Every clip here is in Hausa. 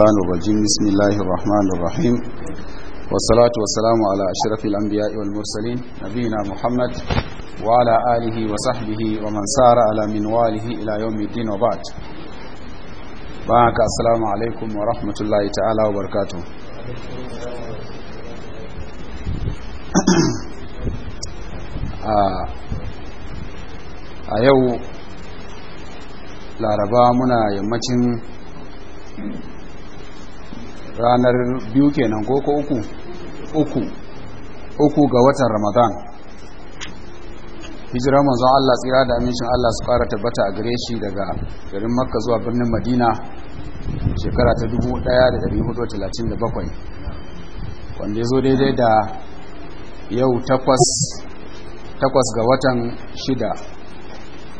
الرحمن الرجيم بسم الله الرحمن الرحيم والصلاة والسلام على أشرف الأنبياء والمرسلين نبينا محمد وعلى آله وصحبه ومن سار على منواله إلى يوم الدين وبعد بارك السلام عليكم ورحمة الله تعالى وبركاته a yau laraba muna yammacin ranar biyu kenan ko ko uku uku uku ga watan ramadan hijirar manzon Allah tsira da amincin Allah su fara tabbata a gare shi daga garin makka zuwa birnin madina shekara ta 1437 wanda ya zo daidai da yau takwas ga watan shida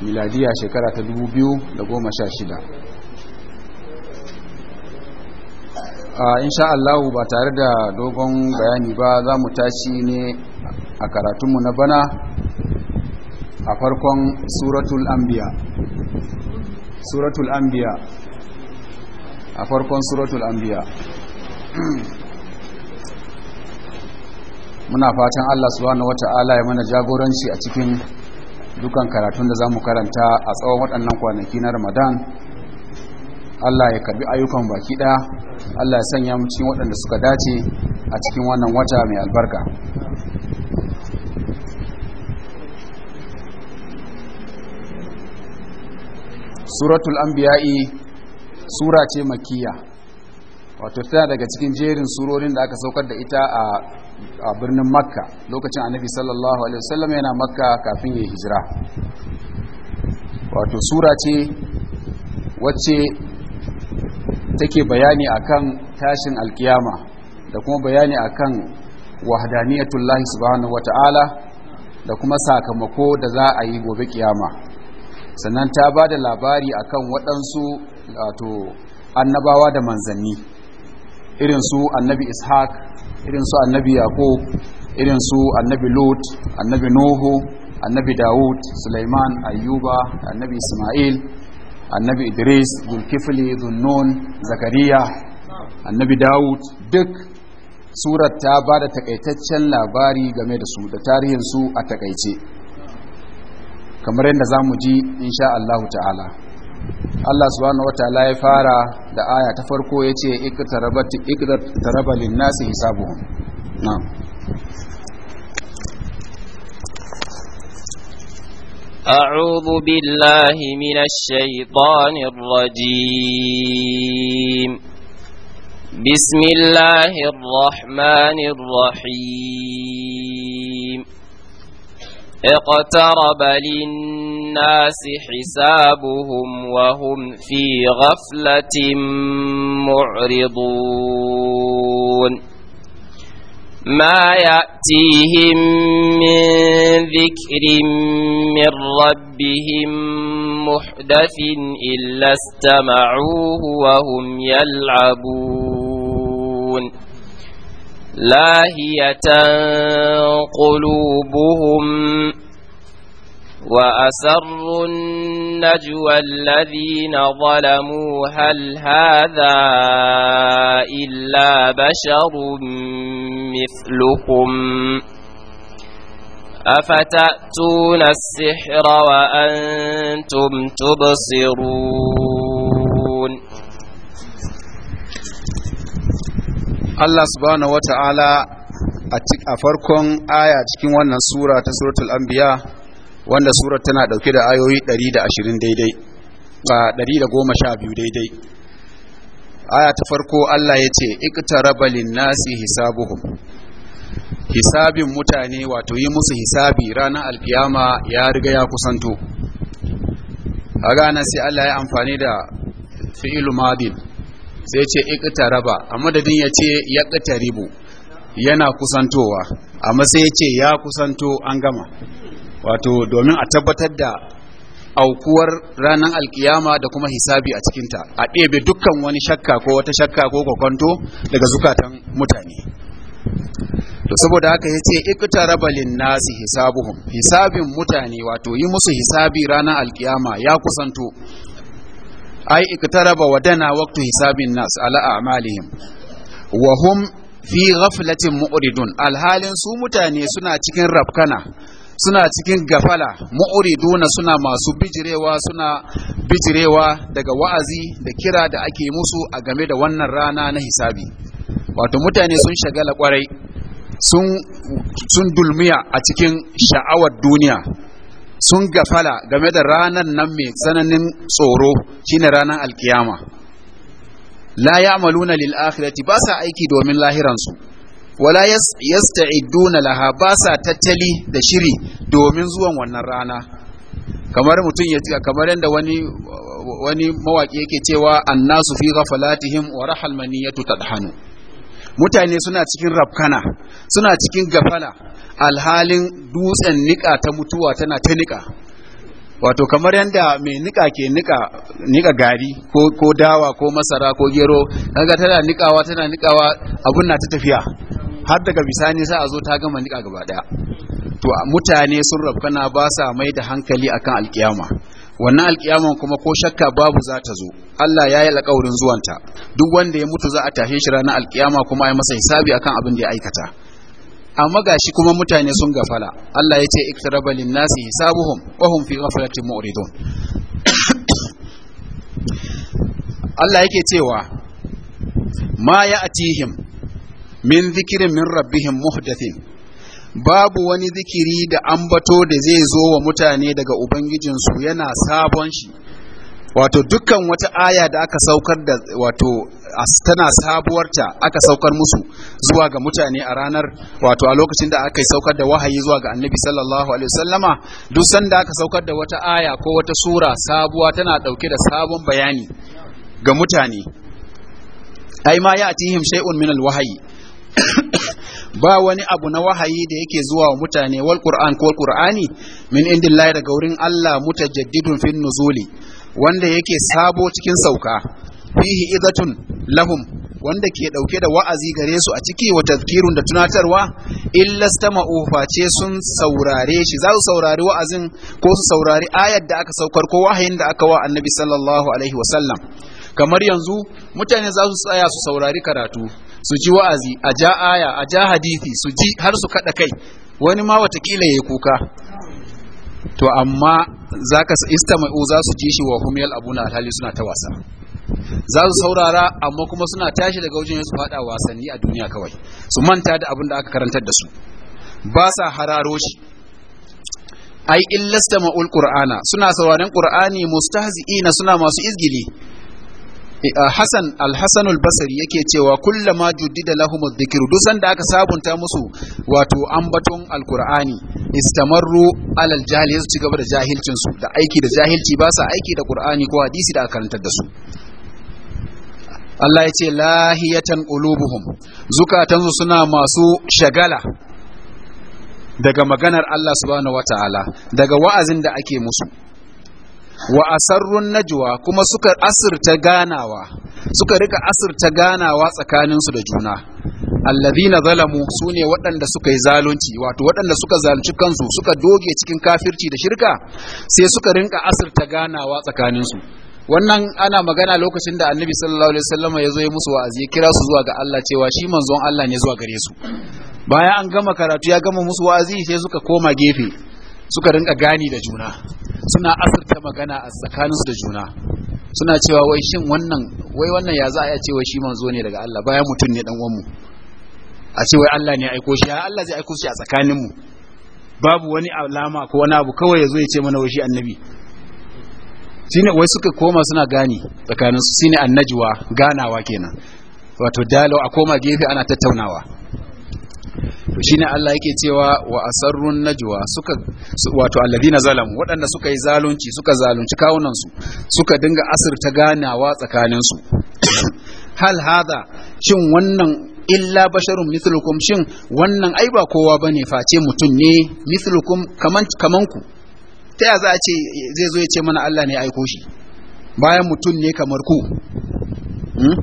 miladiya shekara ta 2016 insha Allah ba tare da dogon bayani ba za mu tashi ne a karatunmu na bana a farkon suratul anbiya suratul anbiya a farkon suratul anbiya muna fatan Allah subhanahu wata'ala ya mana jagoranci a cikin dukan karatun da za mu karanta a tsawon waɗannan kwanaki na Ramadan Allah ya karbi ayyukan baki ɗaya Allah ya sanya mu cikin waɗanda suka dace a cikin wannan wata mai albarka suratul anbiya'i sura ce makiyya wato tana daga cikin jerin surorin da aka saukar da ita a birnin makka lokacin annabi sallallahu alaihi wasallam yana makka kafin ya hijira wato sura ce wacce take bayani akan tashin alkiyama da kuma bayani akan wahdaniyatullahi subhanahu wata'ala da kuma sakamako da za a yi gobe kiyama sannan ta ba da labari akan waɗansu wato annabawa da manzanni irin su annabi ishaq irin su annabi yaqub irin su annabi lut annabi nuhu annabi dawud sulaiman ayyuba annabi isma'il annabi idris zulkifli zunnun zakariya annabi dawud duk surar ta ba da takaitaccen labari game da su da tarihinsu a takaice kamar yadda za mu ji insha Allah ta'ala Allah subhanahu wa ta'ala ya fara da aya ta farko ya ce ikitaraba linnasi hisabuhum na'am أعوذ بالله من الشيطان الرجيم بسم الله الرحمن الرحيم اقترب للناس حسابهم وهم في غفلة معرضون ما يأتيهم من ذكر من ربهم محدث إلا استمعوه وهم يلعبون لاهية قلوبهم وأسروا النجوى الذين ظلموا هل هذا إلا بشر مثلكم أفتأتون السحر وأنتم تبصرون الله سبحانه وتعالى أفركم آية aya سورة سورة الأنبياء wanda surar tana dauke da ayoyi 120 daidai ba 112 daidai aya ta farko Allah ya ce iqtaraba linnasi hisabuhum hisabin mutane wato yi musu hisabi ranar alkiyama ya riga ya kusanto a ranar sai Allah ya amfani da fi'ilu madin sai ce amma a madadin ya ce ya ƙataribu yana kusantowa amma sai ya ce ya kusanto an gama wato domin a tabbatar da aukuwar ranar alkiyama da kuma hisabi a cikinta a ɗebe dukkan wani shakka ko wata shakka ko kwakwanto daga zukatan mutane to saboda haka ya ce iktarabalin nasi hisabuhum hisabin mutane wato yi musu hisabi ranar alkiyama ya kusanto ai raba wadana waktu hisabin nas ala a'malihim wa hum fi ghaflatin mu'ridun alhalin su mutane suna cikin rafkana suna cikin gafala mu'riduna suna masu bijirewa suna bijirewa daga wa'azi da kira da ake musu a game da wannan rana na hisabi wato mutane sun shagala kwarai sun sun dulmiya a cikin sha'awar duniya sun gafala game da ranar nan mai tsananin tsoro shine ranar alkiyama la ya'maluna lil akhirati ba sa aiki domin lahiransu wala yasta'iduna laha basa tattali da shiri domin zuwan wannan rana kamar mutum ya kamar yadda wani wani mawaki yake cewa annasu fi ghafalatihim wa rahal maniyatu tadhanu mutane suna cikin rafkana suna cikin gafala alhalin dutsen nika ta mutuwa tana ta nika wato kamar yadda mai nika ke nika nika gari ko, ko dawa ko masara ko gero kaga tana nikawa tana nikawa abun na ta tafiya har daga bisani sai a zo ta gama nika gaba ɗaya to mutane sun na ba sa mai da hankali akan alkiyama wannan alkiyama kuma ko shakka babu za ta zo Allah ya yi alƙawarin zuwanta duk wanda ya mutu za a tashe shi ranar alkiyama kuma ya masa hisabi akan abin da ya aikata amma gashi kuma mutane sun gafala Allah ya ce iktaraba nasi hisabuhum wa hum fi ghaflatin mu'ridun Allah yake cewa ma ya atihim min zikirin min rabbihim muhdathin babu wani zikiri da ambato da zai zo wa mutane daga ubangijinsu yana sabon shi wato dukkan wata aya da aka saukar da wato tana sabuwarta aka saukar musu zuwa ga mutane a ranar wato a lokacin da aka saukar da wahayi zuwa ga annabi sallallahu alaihi wasallama duk sanda aka saukar da wata aya ko wata sura sabuwa tana dauke da sabon bayani ga mutane ai ma ya atihim shay'un min alwahyi ba wani abu na wahayi da yake zuwa wa mutane wal qur'an ko qur'ani min indillahi daga wurin Allah mutajaddidun fin nuzuli wanda yake sabo cikin sauka fihi idatun lahum wanda ke dauke da wa'azi gare su a ciki wa tazkirun da tunatarwa illa stama'u face sun saurare shi za su saurari wa'azin ko su saurari ayar da aka saukar ko wahayin da aka wa annabi sallallahu alaihi wasallam kamar yanzu mutane za su tsaya su saurari karatu su ji wa'azi a ja aya a ja hadisi su ji har su kaɗa kai wani ma watakila ya yi kuka to amma za ka istama'u za su ji shi wa humiyal abuna alhali suna ta wasa za su saurara amma kuma suna tashi daga wajen su fada wasanni a duniya kawai su manta da abin da aka karantar da su ba sa hararo shi ai illasta ma'ul qur'ana suna sauraron qur'ani mustahzi'ina suna masu izgili Eh, ah, Hassan al-Hassan al-Basri yake cewa kullama juddida lahum adh-dhikru duk sanda aka sabunta musu wato ambaton al-Qur'ani istamarru alal jahil su cigaba da jahilcin su da aiki da jahilci ba sa aiki da Qur'ani ko hadisi da aka karantar da su Allah ya ce lahiyatan qulubuhum zukatansu suna masu shagala daga maganar Allah subhanahu wataala daga wa'azin da ake musu wa asarrun najwa kuma suka asirta ganawa suka rika asirta ganawa tsakaninsu da juna alladhina zalamu sune waɗanda suka yi zalunci wato waɗanda suka zalunci kansu suka doge cikin kafirci da shirka sai suka rinka asirta ganawa tsakaninsu wannan ana magana lokacin da annabi sallallahu alaihi wasallam ya zo ya musu wa'azi ya kira su zuwa ga Allah cewa shi manzon Allah ne zuwa gare su bayan an gama karatu ya gama musu wa'azi sai suka koma gefe suka rinka gani da juna suna asirta magana a tsakaninsu da juna suna cewa wai shin wannan wai wannan ya za a ce wai shi manzo ne daga Allah bayan mutum ne dan uwan mu a ce wai Allah ne ya aiko shi ya Allah zai aiko shi a tsakaninmu babu wani alama ko wani abu kawai ya zo ya ce mana wai shi annabi shine wai suka koma suna gani tsakaninsu shine annajuwa ganawa kenan wato dalo a koma gefe ana tattaunawa ne Allah yake cewa wa asarrun najwa suka wato alladina zalam waɗanda suka yi zalunci suka zalunci kawunan su suka dinga asirta ganawa tsakanin su hal hada shin wannan illa basharun mithlukum shin wannan ai ba kowa bane face mutum ne mithlukum kaman kaman ku ta ya za a ce zai zo ya ce mana Allah ne ya aiko shi bayan mutum ne kamar ku hmm?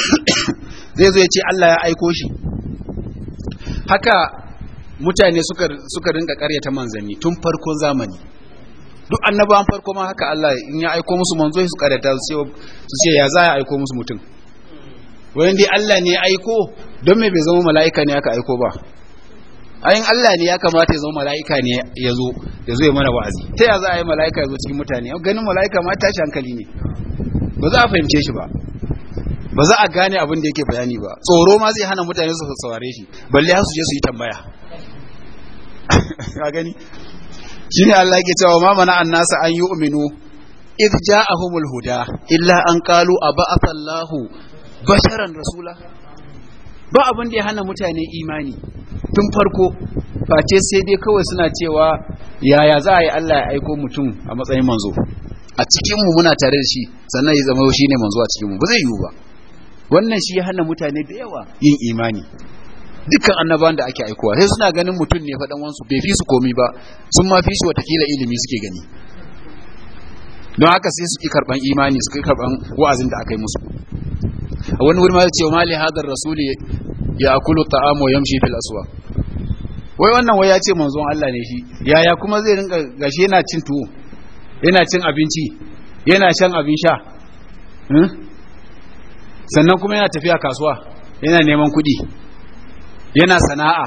zai zo ya ce Allah ya aiko shi haka mutane suka suka rinka karyata manzanni tun farkon zamani duk annabawan farko ma haka Allah in ya aiko musu manzo su karyata su ce ya za ya aiko musu mutum wayan dai Allah ne ya aiko don me bai zama mala'ika ne aka aiko ba ayin Allah ne ya kamata ya zama mala'ika ne ya zo ya zo ya mana wa'azi ta ya za a yi mala'ika ya zo cikin mutane ganin mala'ika ma tashi hankali ne ba za a fahimce shi ba ba za a gane abin da yake bayani ba tsoro ma zai hana mutane su saurare shi balle ya su je su yi tambaya ka gani shine Allah yake cewa ma mana annasa an yu'minu id ja'ahumul huda illa an qalu aba'atha Allahu basharan rasula ba abin da ya hana mutane imani tun farko face sai dai kawai suna cewa yaya za a yi Allah ya aiko mutum a matsayin manzo a cikinmu muna tare da shi sannan ya zama shi ne manzo a cikinmu ba zai yiwu ba wannan shi ya hana mutane da yawa yin imani dukkan annabawan da ake aikowa sai suna ganin mutum ne faɗan wansu bai fi su komi ba sun ma fi shi watakila ilimi suke gani don haka sai suke karɓan imani suke karban wa'azin da aka yi musu a wani wurin ma ce wa mali hadar rasuli ya akulu ta'amu mshi fil aswa wai wannan wai ya ce manzon Allah ne shi yaya kuma zai rinka gashi yana cin tuwo yana cin abinci yana shan abin sha hmm? sannan kuma yana tafiya kasuwa yana neman kuɗi yana sana'a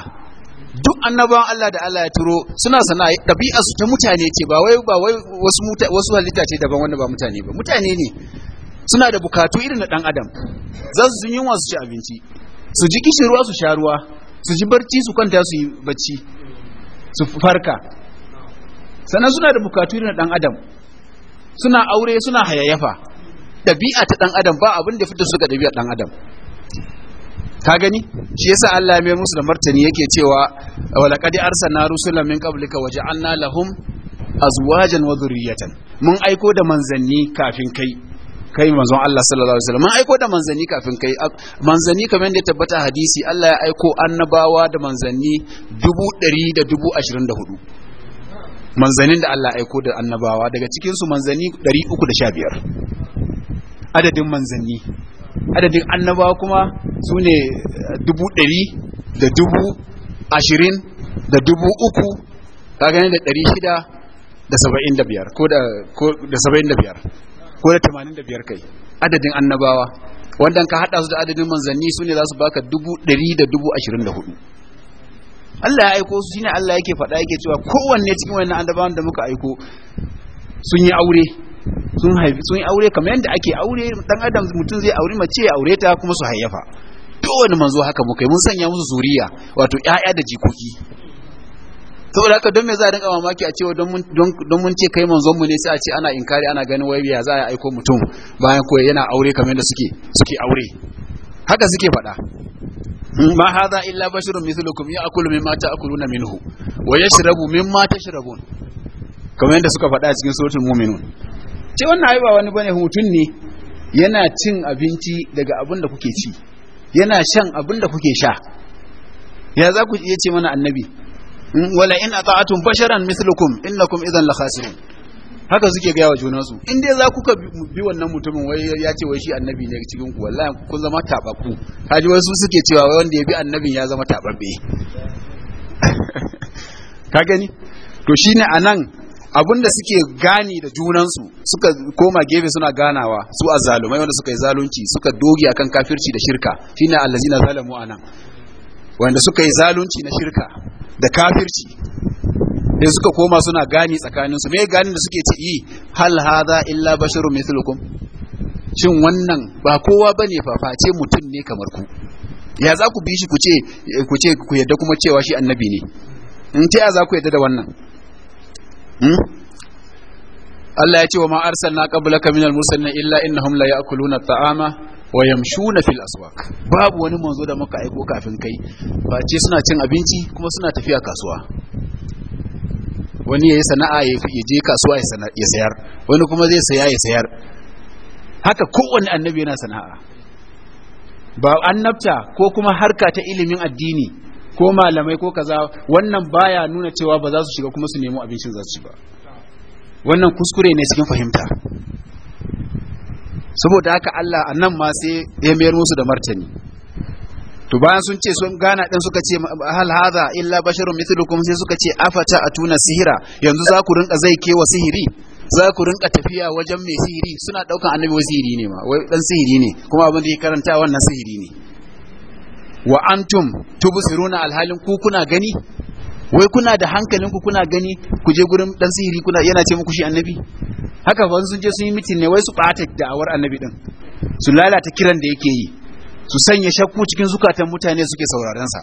duk annabawan Allah da Allah ya turo suna sana'a ɗabi'a su ta mutane ce ba wai ba wai wasu wasu halitta ce daban wanda ba mutane ba mutane ne suna da bukatu irin na ɗan adam za su sun yunwa su ci abinci su ji kishirwa su sha ruwa su ji barci su kwanta su yi bacci su farka sannan suna da bukatu irin na ɗan adam suna aure suna hayayyafa ɗabi'a ta ɗan adam ba abin da fitar su ga ɗabi'ar ɗan adam ka gani shi yasa Allah ya mai musu da martani yake cewa walaqad arsalna rusulan min qablika wa ja'alna lahum azwajan wa dhurriyatan mun aiko da manzanni kafin kai kai manzon Allah sallallahu alaihi wasallam mun aiko da manzanni kafin kai manzanni kamar yadda tabbata hadisi Allah ya aiko annabawa da manzanni dubu ɗari da dubu ashirin da hudu manzannin da Allah ya aiko da annabawa daga cikinsu manzanni ɗari uku da sha biyar adadin manzanni adadin annaba kuma su ne eh, dubu ɗari da dubu ashirin da dubu uku gani da ɗari shida da saba'in da biyar ko da saba'in da biyar ko da tamanin da biyar kai adadin annabawa wanda ka haɗa su da adadin manzanni su ne za su baka dubu ɗari da dubu ashirin da hudu Allah ya aiko su shine Allah yake faɗa yake cewa kowanne cikin wannan annabawan da muka aiko sun yi aure sun haifi sun aure kamar yadda ake aure dan adam mutum zai aure mace ya aure ta kuma su hayyafa wani manzo haka mu kai mun sanya musu zuriya wato ƴaƴa da jikoki saboda haka don me za a dinga mamaki a cewa don mun ce kai manzon mu ne sai a ce ana inkari ana ganin wai ya za a aiko mutum bayan ko yana aure kamar yadda suke suke aure haka suke faɗa hmm, ma hadha illa basharun mithlukum ya'kulu mimma ta'kuluna minhu wa yashrabu mimma tashrabun kamar yadda suka faɗa a cikin suratul mu'minun ce wannan haiba wani bane hutun ne yana cin abinci daga abin da kuke ci yana shan abin da kuke sha ya za ku iya ce mana annabi mm, wala in ata'atum basharan mislukum innakum idan la khasirun haka suke gaya wa junansu in dai za kuka bi wannan mutumin wai ya ce wai shi annabi ne cikin ku wallahi kun zama tababbu kaji wai su suke cewa wai wanda ya bi annabin ya zama tababbe ka gani to shine anan da suke gani da junansu suka koma gefe suna ganawa su a zalumai, wanda suka yi zalunci suka doge akan kafirci da shirka shine allazina zalamu nan, wanda suka yi zalunci na shirka da kafirci da suka koma suna gani tsakaninsu me ganin da suke ce yi hal hadha illa basharun mithlukum shin wannan ba kowa bane fa face mutum ne kamar ku ya za ku bi shi ku ce ku yadda kuma cewa shi annabi ne in ce a za ku yadda da wannan Hmm? Allah ya ce wa ma arsalna qablaka minal mursalin illa innahum la ya'kuluna ta'ama wa yamshuna fil aswaq babu wani manzo da muka aiko kafin kai face suna cin abinci kuma suna tafiya kasuwa wani yayi sana'a ya je kasuwa ya sayar wani kuma zai saya ya sayar haka kowanne annabi yana sana'a ba annabta ko kuma harka ta ilimin addini ko malamai ko kaza wannan baya nuna cewa ba za su shiga kuma su nemo abincin za su ci ba wannan kuskure ne cikin fahimta saboda haka Allah a nan ma sai ya mayar musu da martani to bayan sun ce sun gana din suka ce hal hadha illa basharun mithlukum sai suka ce afata atuna sihira yanzu za ku rinka zai kewa sihiri za ku rinka tafiya wajen mai sihiri suna daukan annabi sihiri ne ma wai dan sihiri ne kuma abin da ya karanta wannan sihiri ne wa antum tubsiruna alhalin ku kuna gani wai kuna da hankalin ku kuna gani ku je gurin dan sihiri kuna yana ce muku shi annabi haka fa sun je sun yi mitin ne wai su bata da'awar annabi din su lalata kiran da yake yi su sanya shakku cikin zukatan mutane suke sauraron sa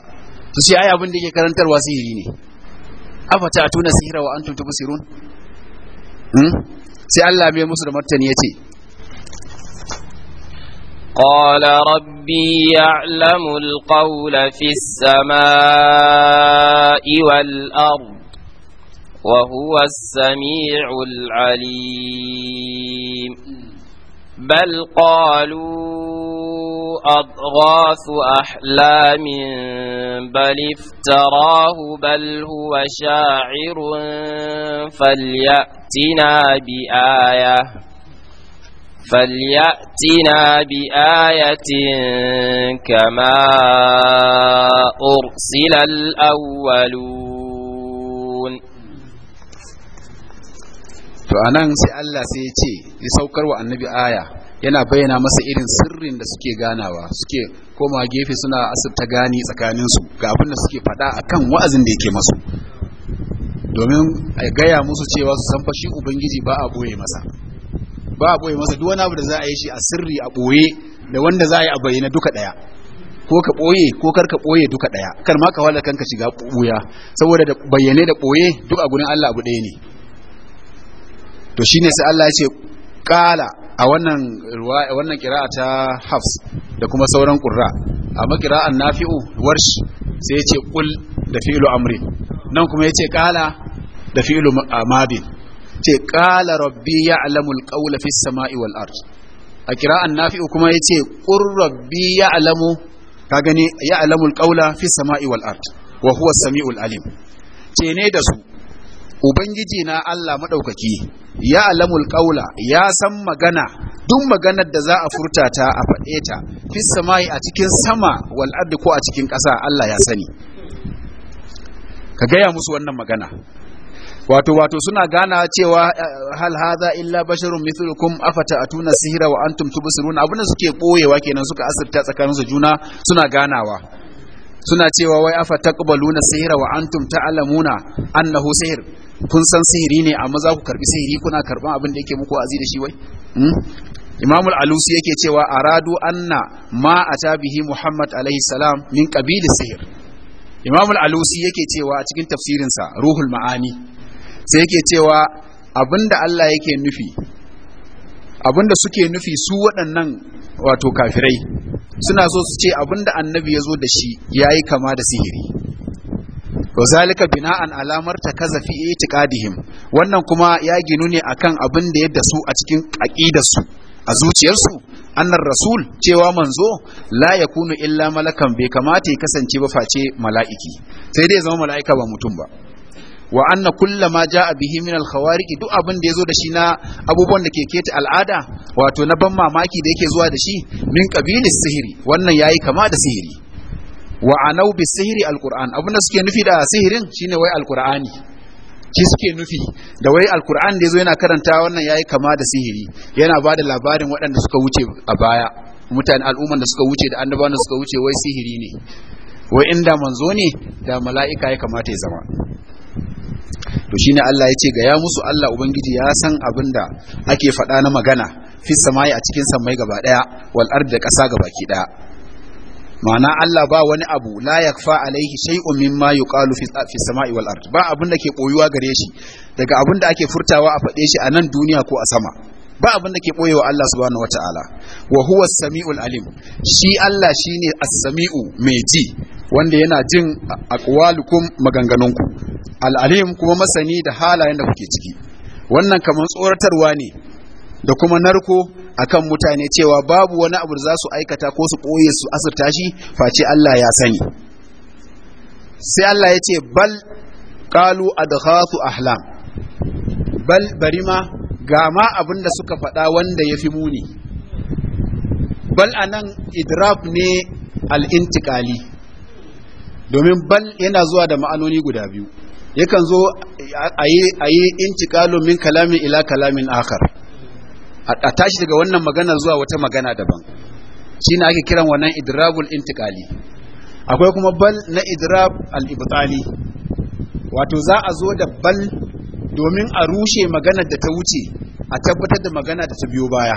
su ce ai abin da yake karantarwa sihiri ne afata atuna sihira wa antum tubsirun hmm? sai Allah mai musu da martani yace قال ربي يعلم القول في السماء والأرض وهو السميع العليم بل قالوا أضغاث أحلام بل افتراه بل هو شاعر فليأتنا بآيه فليأتنا بآية كما Allah sai ya ce ya saukar wa annabi آية yana bayyana masa irin sirrin da suke ganawa suke koma gefe suna asibta gani tsakaninsu ga abin da suke faɗa akan wa'azin da yake masu domin a gaya musu cewa su san fa shi ubangiji ba a boye masa ba a ɓoye masa duk wani abu da za a yi shi a sirri a ɓoye da wanda za a yi a bayyana duka ɗaya. ko ka ɓoye, ko kar ka boye duka ɗaya, kar ma ka wala kanka shiga buya saboda da bayyane da ɓoye duk a gurin Allah abu ɗaya ne to shine sai Allah ya ce kala a wannan wannan kira'a ta Hafs da kuma sauran qurra amma na Nafi'u Warshi sai ya ce ƙul da fi'lu amri nan kuma ya ce kala da fi'lu mabin ce ƙala rabbi ya alamul ƙaula fi sama'i wal ard a kira'an nafi'u kuma ce ƙun rabbi alamu ka gani ya alamul ƙaula fi sama'i wal ard wa huwa samiul alim ce ne da su ubangiji na Allah maɗaukaki, ya alamul ƙaula, ya san magana duk maganar da za a furta ta a faɗe ta fi sama'i a cikin sama wal ard ko a cikin ƙasa Allah ya sani ka gaya musu wannan magana wato wato suna gana cewa eh, hal hadha illa basharun mithlukum afata atuna sihira wa antum tubsirun abin da suke boyewa kenan suka asirta tsakanin su juna suna ganawa suna cewa wai afa taqbaluna sihira wa antum ta'lamuna annahu sihir kun san sihiri ne amma za ku karbi sihiri kuna karban abin da yake muku azi da shi wai hmm? Imam al alusi yake cewa aradu anna ma ata bihi muhammad alayhi salam min qabili sihir Imam al alusi yake cewa a cikin tafsirinsa ruhul ma'ani sai yake cewa abinda Allah yake nufi abinda suke nufi su waɗannan wato kafirai suna so su ce abinda annabi ya zo da shi ya yi kama da sihiri ko zalika bina'an alamar ta kaza fi itiqadihim wannan kuma ya ginu ne akan abin da yadda su a cikin aqidarsu a zuciyarsu annar rasul cewa manzo la yakunu illa malakan bai kamata ya kasance ba face mala'iki sai dai zama mala'ika ba mutum ba wa anna ma jaa bihi min al-khawariq duk abin da yazo da shi na abubuwan da ke keta al'ada wato na ban mamaki da yake zuwa da shi min qabilis sihiri wannan yayi kama da sihiri wa anau bis sihiri al-qur'an abin da suke nufi da sihirin shine wai al-qur'ani shi suke nufi da wai al-qur'an da yazo yana karanta wannan yayi kama da sihiri yana bada labarin waɗanda suka wuce a baya mutane al'umman da suka wuce da annabawan da suka wuce wai sihiri ne wai inda manzo ne da mala'ika ya kamata ya zama to shine Allah ya ce gaya musu Allah ubangiji ya san abin da ake faɗa na magana fi samayi a cikin samai gaba ɗaya wal ard da ƙasa gaba ki ɗaya ma'ana Allah ba wani abu la yakfa alaihi shay'un mimma yuqalu fi fi samai wal ard ba abin da ke koyuwa gare shi daga abin da ake furtawa a faɗe shi a nan duniya ko a sama ba abin da ke ɓoyewa Allah subhanahu wataala wa huwa samiul alim shi Allah shine as-sami'u mai ji wanda yana jin aqwalukum maganganunku al-alim kuma masani da halayen da kuke ciki wannan kamar tsoratarwa ne da kuma narko akan mutane cewa babu wani abu da za su aikata ko su ɓoye su asirta shi face Allah ya sani sai Allah ya ce bal qalu adkhatu ahlam bal barima ga ma abin da suka faɗa wanda ya fi muni bal a nan idraf ne al'intikali domin bal yana zuwa da ma'anoni guda biyu yakan zo a yi intikalo min kalamin ila kalamin akar a tashi daga wannan magana zuwa wata magana daban shi na ake kiran wannan idrabul intikali akwai kuma bal na idrab al wato za a zo da bal domin a rushe maganar da ta wuce a tabbatar da magana da ta biyo baya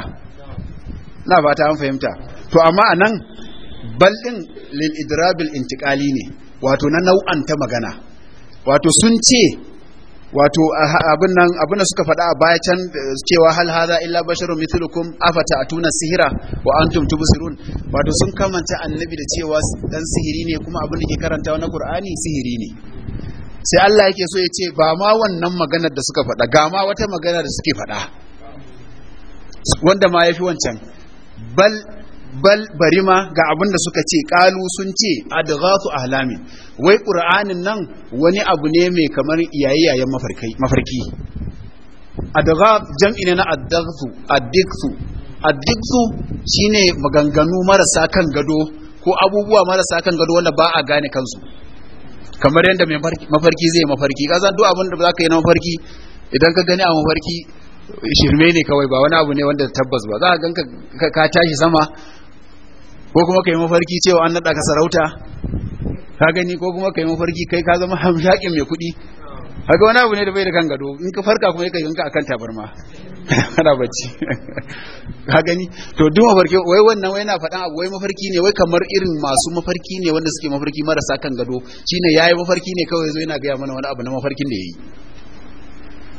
na fata an fahimta to amma a nan baldin lil idrabil intiqali ne wato na nau'anta magana wato sun ce wato abin nan da suka faɗa a baya can eh, cewa hal haza. illa basharun mithlukum afata atuna sihira wa antum tubsirun wato sun kamanta annabi da cewa dan sihiri ne kuma abin da ke karantawa na qur'ani sihiri ne sai Allah yake so ya ce ba ma wannan maganar da suka faɗa ga ma wata magana da suke faɗa wanda ma ya fi wancan bal bal bari ma ga abin da suka ce ƙalu sun ce adghasu ahlami wai qur'anin nan wani abu ne mai kamar iyaye mafarki adghab jam'i na adghsu adghsu adghsu shine maganganu marasa kan gado ko abubuwa marasa kan gado wanda ba a gane kansu kamar yadda mai mafarki zai mafarki ka san duk abin da za ka yi na mafarki idan ka gani a mafarki shirme ne kawai ba wani abu ne wanda tabbas ba za a gan ka tashi sama ko kuma ka yi mafarki cewa an naɗa ka sarauta ka gani ko kuma ka yi mafarki kai ka zama hamshakin mai kuɗi haka wani abu ne da bai da kan gado in ka farka kuma yakan yanka akan tabarma kana bacci ka gani to duk mafarki wai wannan wai na faɗan abu wai mafarki ne wai kamar irin masu mafarki ne wanda suke mafarki marasa kan gado shine yayi mafarki ne kawai zo yana gaya mana wani abu na mafarkin da yayi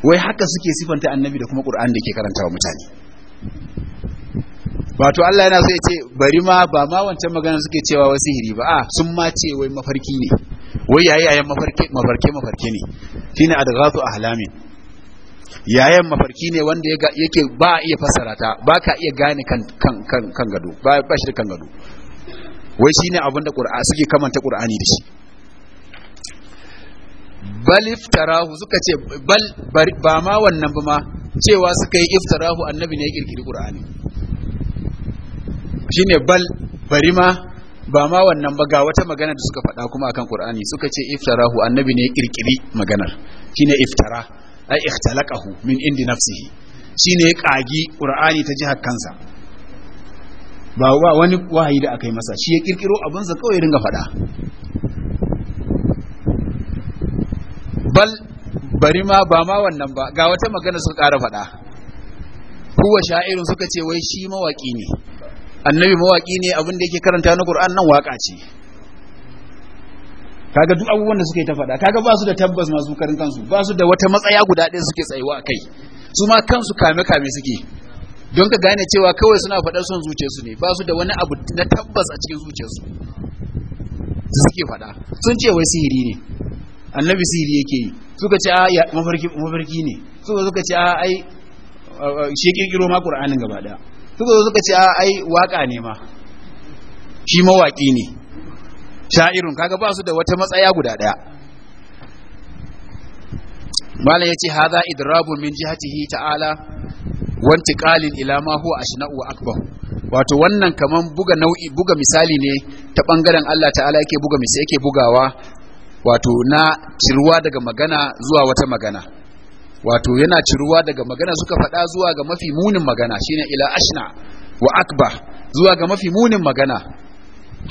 wai haka suke sifanta annabi da kuma qur'ani da ke karantawa mutane wato Allah yana so ya ce bari ma ba ma wancan magana suke cewa wasihiri ba a ah, sun ma ce wai mafarki ne wai yayi ayan mafarki mafarki mafarki ne shine adghasu ahlamin yayan mafarki ne wanda yake ba iya fassara ta ba ka iya gane kan kan kan gado ba ba shi kan gado wai shine abin da qur'ani suke kamanta qur'ani da shi bal iftarahu suka ce bal ba ma wannan ba ma cewa suka yi iftarahu annabi ne ya kirkiri qur'ani shine bal bari ma ba ma wannan ba ga wata magana da suka faɗa kuma akan Qur'ani suka ce iftarahu annabi ne kirkiri maganar shine iftara ai ikhtalaqahu min indi nafsihi shine ya kagi Qur'ani ta jihar kansa ba wa wani wahayi da aka yi masa shi ya kirkiro abin sa kawai ringa faɗa bal bari ma ba ma wannan ba ga wata magana suka ƙara faɗa huwa sha'irun suka ce wai shi mawaki ne annabi mawaƙi ne abin da yake karanta na Qur'an nan waka ce kaga duk abubuwan da suke ta faɗa kaga ba su da tabbas masu karin kansu ba su da wata matsaya guda ɗaya suke tsayuwa a kai su ma kansu kame kame suke don ka gane cewa kawai suna faɗar son zuciyarsu ne ba su da wani abu na tabbas a cikin zuciyarsu suke faɗa sun ce wai sihiri ne annabi sihiri yake yi suka ce a mafarki ne suka suka ce a ai shi kirkiro ma qur'anin gaba ɗaya suka zo suka ce a ai waka ne ma shi mawaki ne sha'irun kaga ba su da wata matsaya guda daya malam yace hadha idrabun min jihatihi ta'ala wantiqalin ila ma huwa ashna'u wa akbar wato wannan kaman buga nau'i buga misali ne ta bangaren Allah ta'ala yake buga misali yake bugawa wato na cirwa daga magana zuwa wata magana wato yana ciruwa daga magana suka faɗa zuwa ga mafi munin magana shine ila ashna wa akba zuwa ga mafi munin magana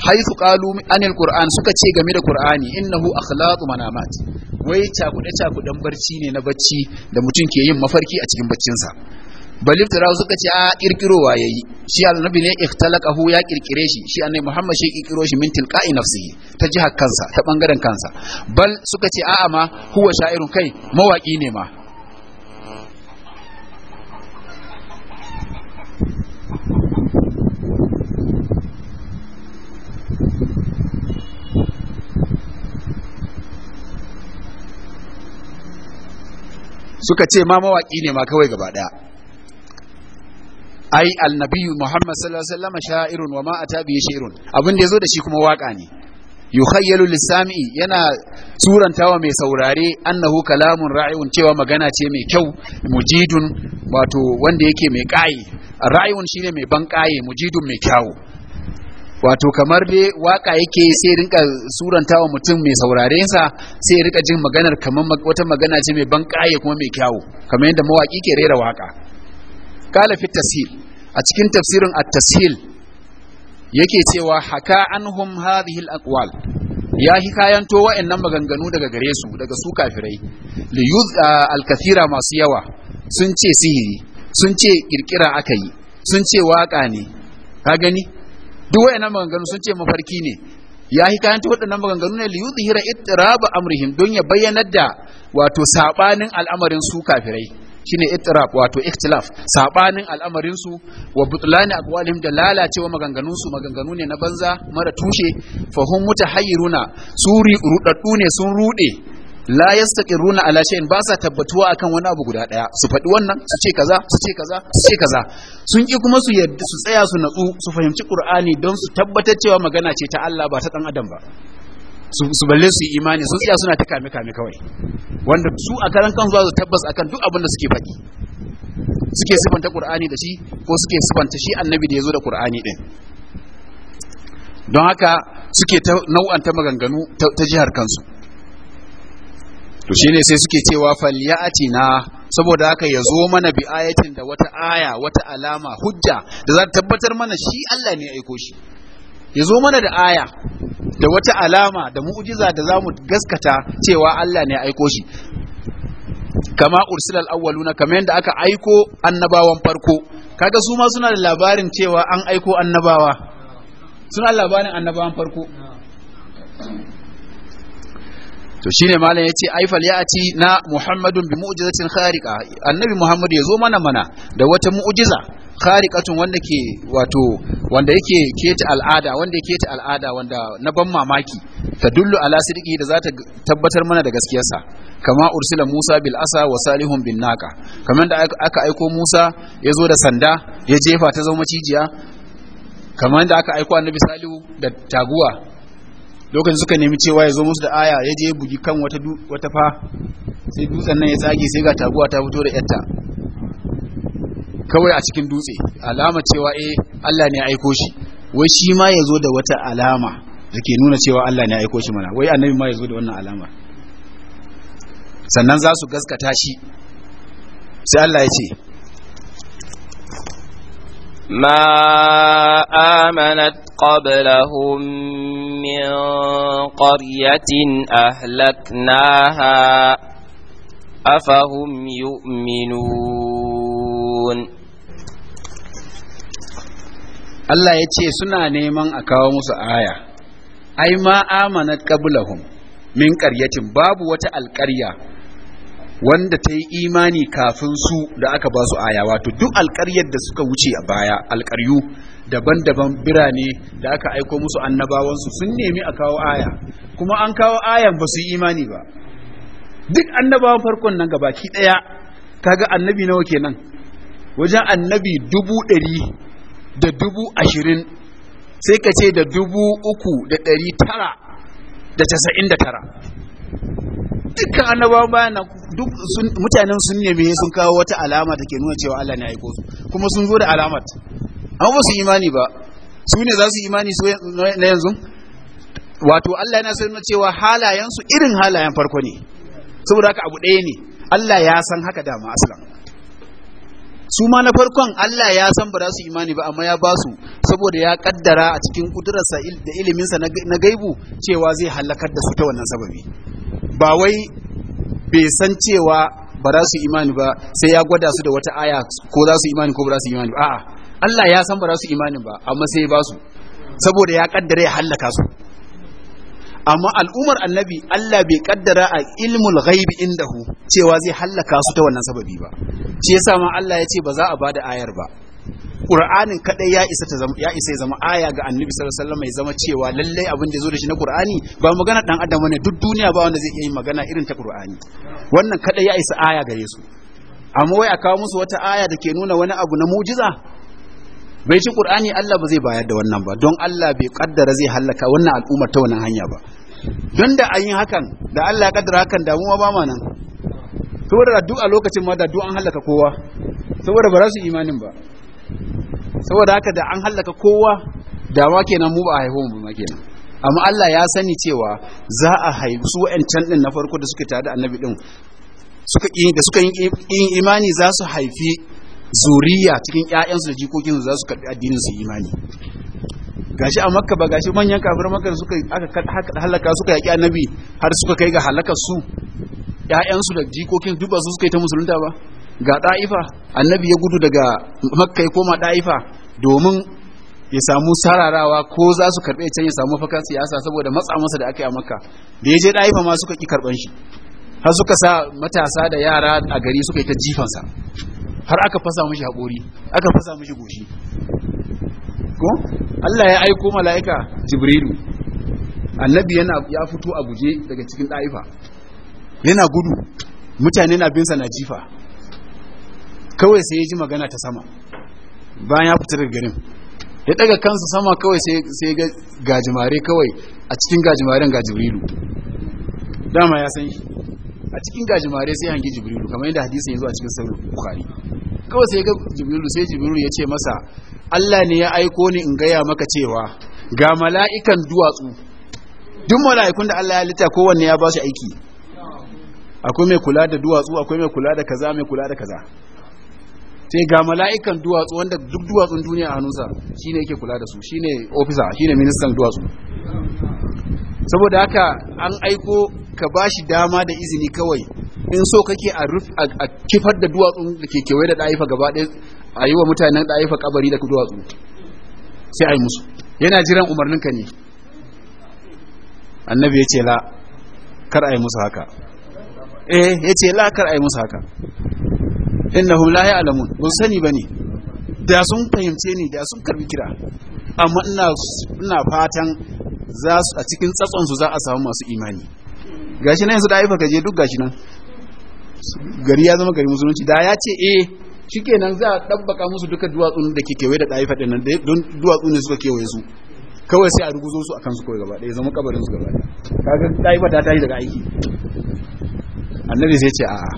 haisu qalu anil qur'an suka ce game da qur'ani innahu akhlaqu manamat wai cakuɗe cakuɗen barci ne na bacci da mutum ke yin mafarki a cikin baccinsa baliftarawa suka ce a kirkirowa yayi shi annabi ne ikhtalaqahu ya kirkire shi shi annabi Muhammad shi kirkiro shi mintil qai nafsihi ta jihar kansa ta bangaren kansa bal suka ce a'a ma huwa sha'irun kai mawaki ne ma suka ce ma mawaƙi ne ma kawai gaba ɗaya ai annabiyu muhammad sallallahu alaihi wasallam sha'irun wa ma ata bi sha'irun abin da yazo da shi kuma waka ne yukhayyalu lisami yana surantawa mai saurare annahu kalamun ra'iun cewa magana ce mai kyau mujidun wato wanda yake mai ƙayi ra'ayun shine mai ban ƙaye mujidun mai kyawu wato kamar dai waka yake sai rinka suranta wa mutum mai saurare sa sai rinka jin maganar kamar wata magana ce mai ban kaye kuma mai kyawu kamar yadda mawaki ke rera waka kala fi tashil a cikin tafsirin at-tashil yake cewa haka anhum hadhihi al-aqwal ya hikayanto wa'annan maganganu daga gare su daga su kafirai li yuz al-kathira masu yawa sun ce sihiri sun ce kirkira aka yi sun ce waka ne ka gani duk wayannan maganganu sun ce mafarki ne ya yi kayan ta waɗannan maganganu ne liyudhira ittiraba amrihim don ya bayyanar da wato sabanin al'amarin su kafirai shine ittirab wato ikhtilaf sabanin al'amarin su wa butlani aqwalihim da lalacewa maganganun su maganganu ne na banza mara tushe fahum mutahayyiruna suri rudaddu ne sun rude la yastaqiruna ala shay'in ba sa tabbatuwa akan wani abu guda daya su faɗi wannan su ce kaza su ce kaza su ce kaza sun ki kuma su yadda su tsaya su natsu su fahimci qur'ani don su tabbatar cewa magana ce ta Allah ba ta dan adam ba su balle su imani sun tsaya suna ta kame kame kawai wanda su a karan kansu za su tabbas akan duk abin da suke faɗi suke sifanta qur'ani da shi ko suke sifanta shi annabi da ya zo da qur'ani din don haka suke ta nau'anta maganganu ta jihar kansu to shine sai suke cewa falyati na saboda haka ya zo mana bi ayatin da wata aya wata alama hujja da za ta tabbatar mana shi Allah ne ya aiko shi ya zo mana da aya da wata alama da mu'jiza da za mu gaskata cewa Allah ne ya aiko shi kama ursilal awwaluna kamar yadda aka aiko annabawan farko kaga su ma suna da labarin cewa an aiko annabawa suna labarin annabawan farko to shine malam yace ai fal yati na muhammadun bi mu'jizatin khariqa annabi muhammad yazo mana mana da wata mu'jiza khariqatun wanda ke wato wanda yake keta al'ada wanda yake keta al'ada wanda na ban mamaki ta tadullu ala sidqi da zata tabbatar mana da gaskiyarsa kama ursila musa bil asa wa salihun bin naqa kamar da aka aiko musa yazo da sanda ya jefa ta zama cijiya kamar da aka aiko annabi salihu da taguwa lokacin suka nemi cewa ya zo musu da aya ya je bugi kan wata wata fa sai dutsen nan ya tsage sai ga taguwa ta fito da yatta kawai a cikin dutse alama cewa eh Allah ne ya aiko shi wai shi ma ya zo da wata alama dake nuna cewa Allah ne ya aiko shi mana wai annabi ma ya zo da wannan alama sannan za su gaskata shi sai Allah ya ce ma amanat qablahum من قرية أهلكناها أفهم يؤمنون Allah ya ce suna neman a kawo musu aya, ai ma amanat qablahum min ƙaryatin babu wata alƙarya wanda ta yi imani kafin su da aka ba su aya wato duk alkaryar da suka wuce a baya alkaryu daban-daban birane da aka aiko musu annabawansu sun nemi a kawo aya kuma an kawo ayan ba su yi imani ba duk annabawan farkon nan gabaki ɗaya kaga annabi nawa kenan wajen annabi dubu ɗari da dubu ashirin sai ka ce da dubu uku da ɗari tara da casa'in da tara dukkan annabawan bayan nan duk mutanen sun neme sun kawo wata alama da ke nuna cewa Allah ne aiko su kuma sun zo da alamat amma ba su imani ba su ne za su imani su na yanzu wato Allah yana sanin cewa halayen su irin halayen farko ne saboda haka abu ɗaya ne Allah ya san haka dama aslan su ma na farkon Allah ya san ba za su imani ba amma ya ba su saboda ya kaddara a cikin kudurarsa da iliminsa na gaibu cewa zai halakar da su ta wannan sababi ba wai bai san cewa ba za su imani ba sai ya gwada su da wata aya ko za su imani ko ba za su imani ba a'a Allah ya san ba za su imani ba amma sai ya ba su saboda ya kaddara ya hallaka su amma al'umar annabi Allah bai kaddara a ilmul ghaibi indahu cewa zai hallaka su ta wannan sababi ba shi yasa ma Allah ya ce ba za a bada ayar ba Qur'anin kadai ya isa ta zama ya isa ya zama aya ga Annabi sallallahu alaihi wasallam ya zama cewa lallai abin da zo da shi na Qur'ani ba magana dan adam ne duk duniya ba wanda zai iya yin magana irin ta Qur'ani wannan kadai ya isa aya gare su amma wai a kawo musu wata aya da ke nuna wani abu na mujiza bai ci Qur'ani Allah ba zai bayar da wannan ba don Allah bai kaddara zai halaka wannan al'ummar ta wannan hanya ba don da an yi hakan da Allah ya kaddara hakan damuwa ba ma nan saboda a lokacin ma da duk an halaka kowa saboda ba za su imanin ba saboda haka da an hallaka kowa da ma kenan mu ba a haihu mu ma kenan amma Allah ya sani cewa za a haihu su wa'ancan din na farko da suka tare da annabi din suka da suka yin imani za su haifi zuriya cikin su da jikokin za su karbi addinin su imani gashi a makka ba gashi manyan kafir makka suka aka halaka suka yaki annabi har suka kai ga halakar su su da jikokin duk ba su suka yi ta musulunta ba ga ɗa'ifa annabi ya gudu daga makka ya koma ɗa'ifa domin ya samu sararawa ko za su karɓe can ya samu fakar siyasa saboda matsa masa da aka yi a makka da ya je ɗa'ifa ma suka ƙi karɓan shi har suka sa matasa da yara a gari suka yi ta jifansa har aka fasa mishi haƙori aka fasa mishi goshi ko Allah ya aiko mala'ika jibrilu annabi yana ya fito a guje daga cikin ɗa'ifa yana gudu mutane na binsa na jifa kawai sai ya ji magana ta sama bayan ya fitar da garin ya daga kansa sama kawai sai ga gajimare kawai a cikin gajimaren ga jibrilu dama ya san a cikin gajimare sai hangi jibrilu kamar yadda ya zo a cikin sahih bukari kawai sai ga jibrilu sai jibrilu ya ce masa Allah ne ya aiko ni in gaya maka cewa ga mala'ikan duwatsu duk mala'ikun da Allah ya halitta kowanne ya ba shi aiki akwai mai kula da duwatsu akwai mai kula da kaza mai kula da kaza sai ga mala'ikan duwatsu wanda duk duwatsun duniya a hannunsa shine yake kula da su shine ofisa, shine ministan duwatsu saboda haka an aiko ka bashi dama da izini kawai in so kake a kifar da duwatsun da ke kewaye da ɗaifa gaba a yi wa mutanen ɗaifa kabari da duwatsu sai a yi musu yana jiran umarninka ne annabi ya ce la kar a yi musu haka eh ya ce la kar a yi musu haka innahum la ya'lamun ba sani bane da sun fahimce ni da sun karbi kira amma ina ina fatan za su a cikin tsatson su za a samu masu imani gashi nan yanzu da aifa kaje duk gashi nan gari ya zama gari musulunci da ya ce eh shikenan za a dabbaka musu duka duwatsun da ke kewaye da ɗaifa ɗin nan don duwatsu ne suka kewaye su kawai sai a ruguzo su akan su kawai gaba ɗaya zama kabarin su gaba ɗaya kaga ɗaifa ta yi daga aiki annabi sai ce a'a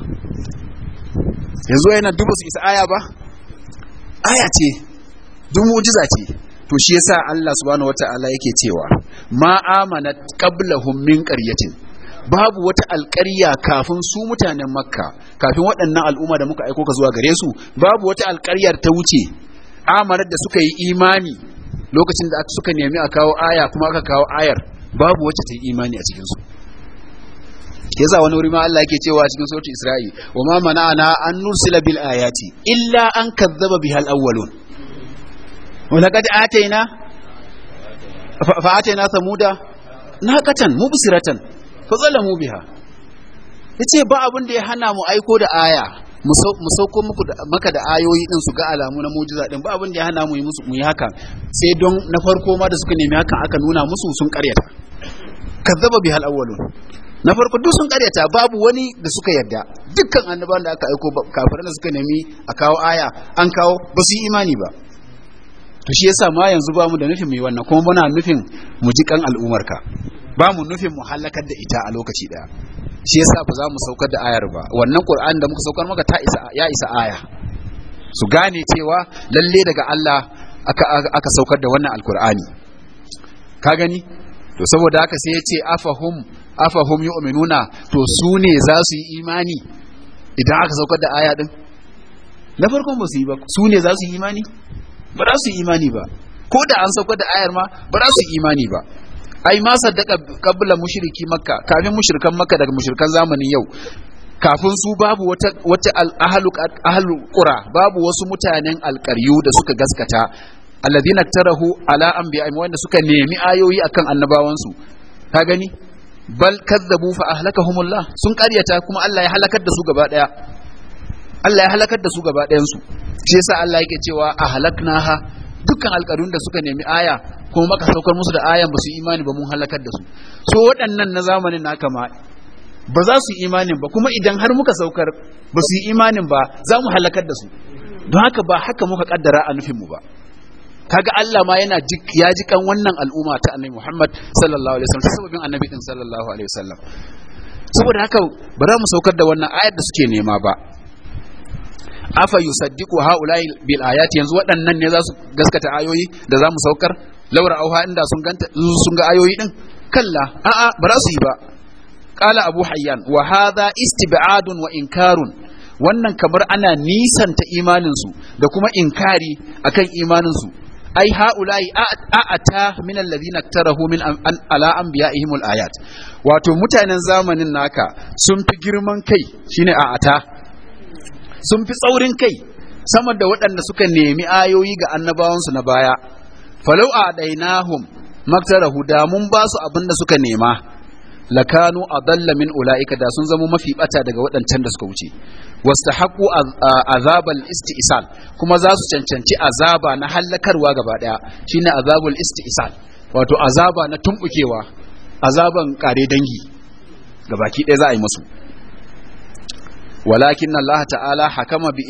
yanzu yana duba su isa aya ba aya ce duk mu'jiza ce to shi yasa Allah subhanahu wata'ala yake cewa ma kabla qablahum min qaryatin babu wata alƙarya kafin su mutanen makka kafin waɗannan al'umma da muka aiko ka zuwa gare su babu wata alƙaryar ta wuce amarar da suka yi imani lokacin da suka nemi a kawo aya kuma aka kawo ayar babu wacce ta yi imani a cikinsu yasa wani wuri ma Allah yake cewa cikin sautin Isra'i wa ma mana'ana an nursila bil ayati illa an kadzaba bihal awwalun wa laqad atayna fa atayna samuda naqatan mubsiratan fa zalamu biha yace ba abin da ya hana mu aiko da aya mu sauko muku maka da ayoyi din su ga alamu na mujiza din ba abin da ya hana mu yi musu mu yi hakan sai don na farko ma da suka nemi hakan aka nuna musu sun karyata kazzaba bihal awwalun na farko duk sun karyata babu wani da suka yarda dukkan annabawan da aka aiko kafiran da suka nemi a kawo aya an kawo ba su yi imani ba to shi yasa ma yanzu ba mu da nufin mai wannan kuma muna nufin mu ji kan al'umarka ba mu nufin mu halakar da ita a lokaci daya shi yasa ba za mu saukar da ayar ba wannan qur'ani da muka saukar maka ta isa ya isa aya su gane cewa lalle daga Allah aka aka saukar da wannan alqur'ani ka gani to saboda haka sai ya ce afahum afahum yu'minuna to su ne za su yi imani idan aka saukar da aya din na farkon ba su yi ba su ne za su yi imani ba za su yi imani ba ko da an saukar da ayar ma ba za su yi imani ba ai ma saddaka kabla mushriki makka kafin mushrikan makka daga mushrikan zamanin yau kafin su babu wata wata ahlu qura babu wasu mutanen alƙaryu da suka gaskata alladhina tarahu ala anbiya'i wanda suka nemi ayoyi akan annabawansu ka gani bal kazzabu fa ahlakahumullah sun ƙaryata kuma Allah ya halakar da su gaba daya Allah ya halakar da su gaba dayan su shi yasa Allah yake cewa ahlaknaha dukkan alƙarun da suka nemi aya kuma maka saukar musu da ayan ba su imani ba mun halakar da su so waɗannan na zamanin naka ma ba za su yi imanin ba kuma idan har muka saukar ba su yi imanin ba za mu halakar da su don haka ba haka muka kaddara a nufinmu ba kaga Allah ma yana ya ji kan wannan al'umma ta Annabi Muhammad sallallahu alaihi wasallam saboda Annabi din sallallahu alaihi wasallam saboda haka ba za mu saukar da wannan ayar da suke nema ba afa yusaddiqu haula'i bil ayati yanzu waɗannan ne za su gaskata ayoyi da za mu saukar laura auha inda sun ganta sun ga ayoyi din kalla a'a ba za su yi ba qala abu hayyan wa hadha istib'adun wa inkarun wannan kamar ana nisanta imaninsu da kuma inkari akan imaninsu ai haula'i a'ata min allazina tarahu min ala anbiya'ihim ayat wato mutanen zamanin naka sun fi girman kai shine a'ata sun fi tsaurin kai sama da waɗanda suka nemi ayoyi ga annabawansu na baya falau a maktarahu da mun ba su abin da suka nema lakanu adalla min ulaika da sun zama mafi bata daga waɗancan da suka wuce wastahaqu azabal isti'sal kuma za su cancanci azaba na hallakarwa gaba daya shine azabul isti'sal wato azaba na tumbukewa azaban kare dangi gabaki ɗaya za a yi musu walakin Allah ta'ala hakama bi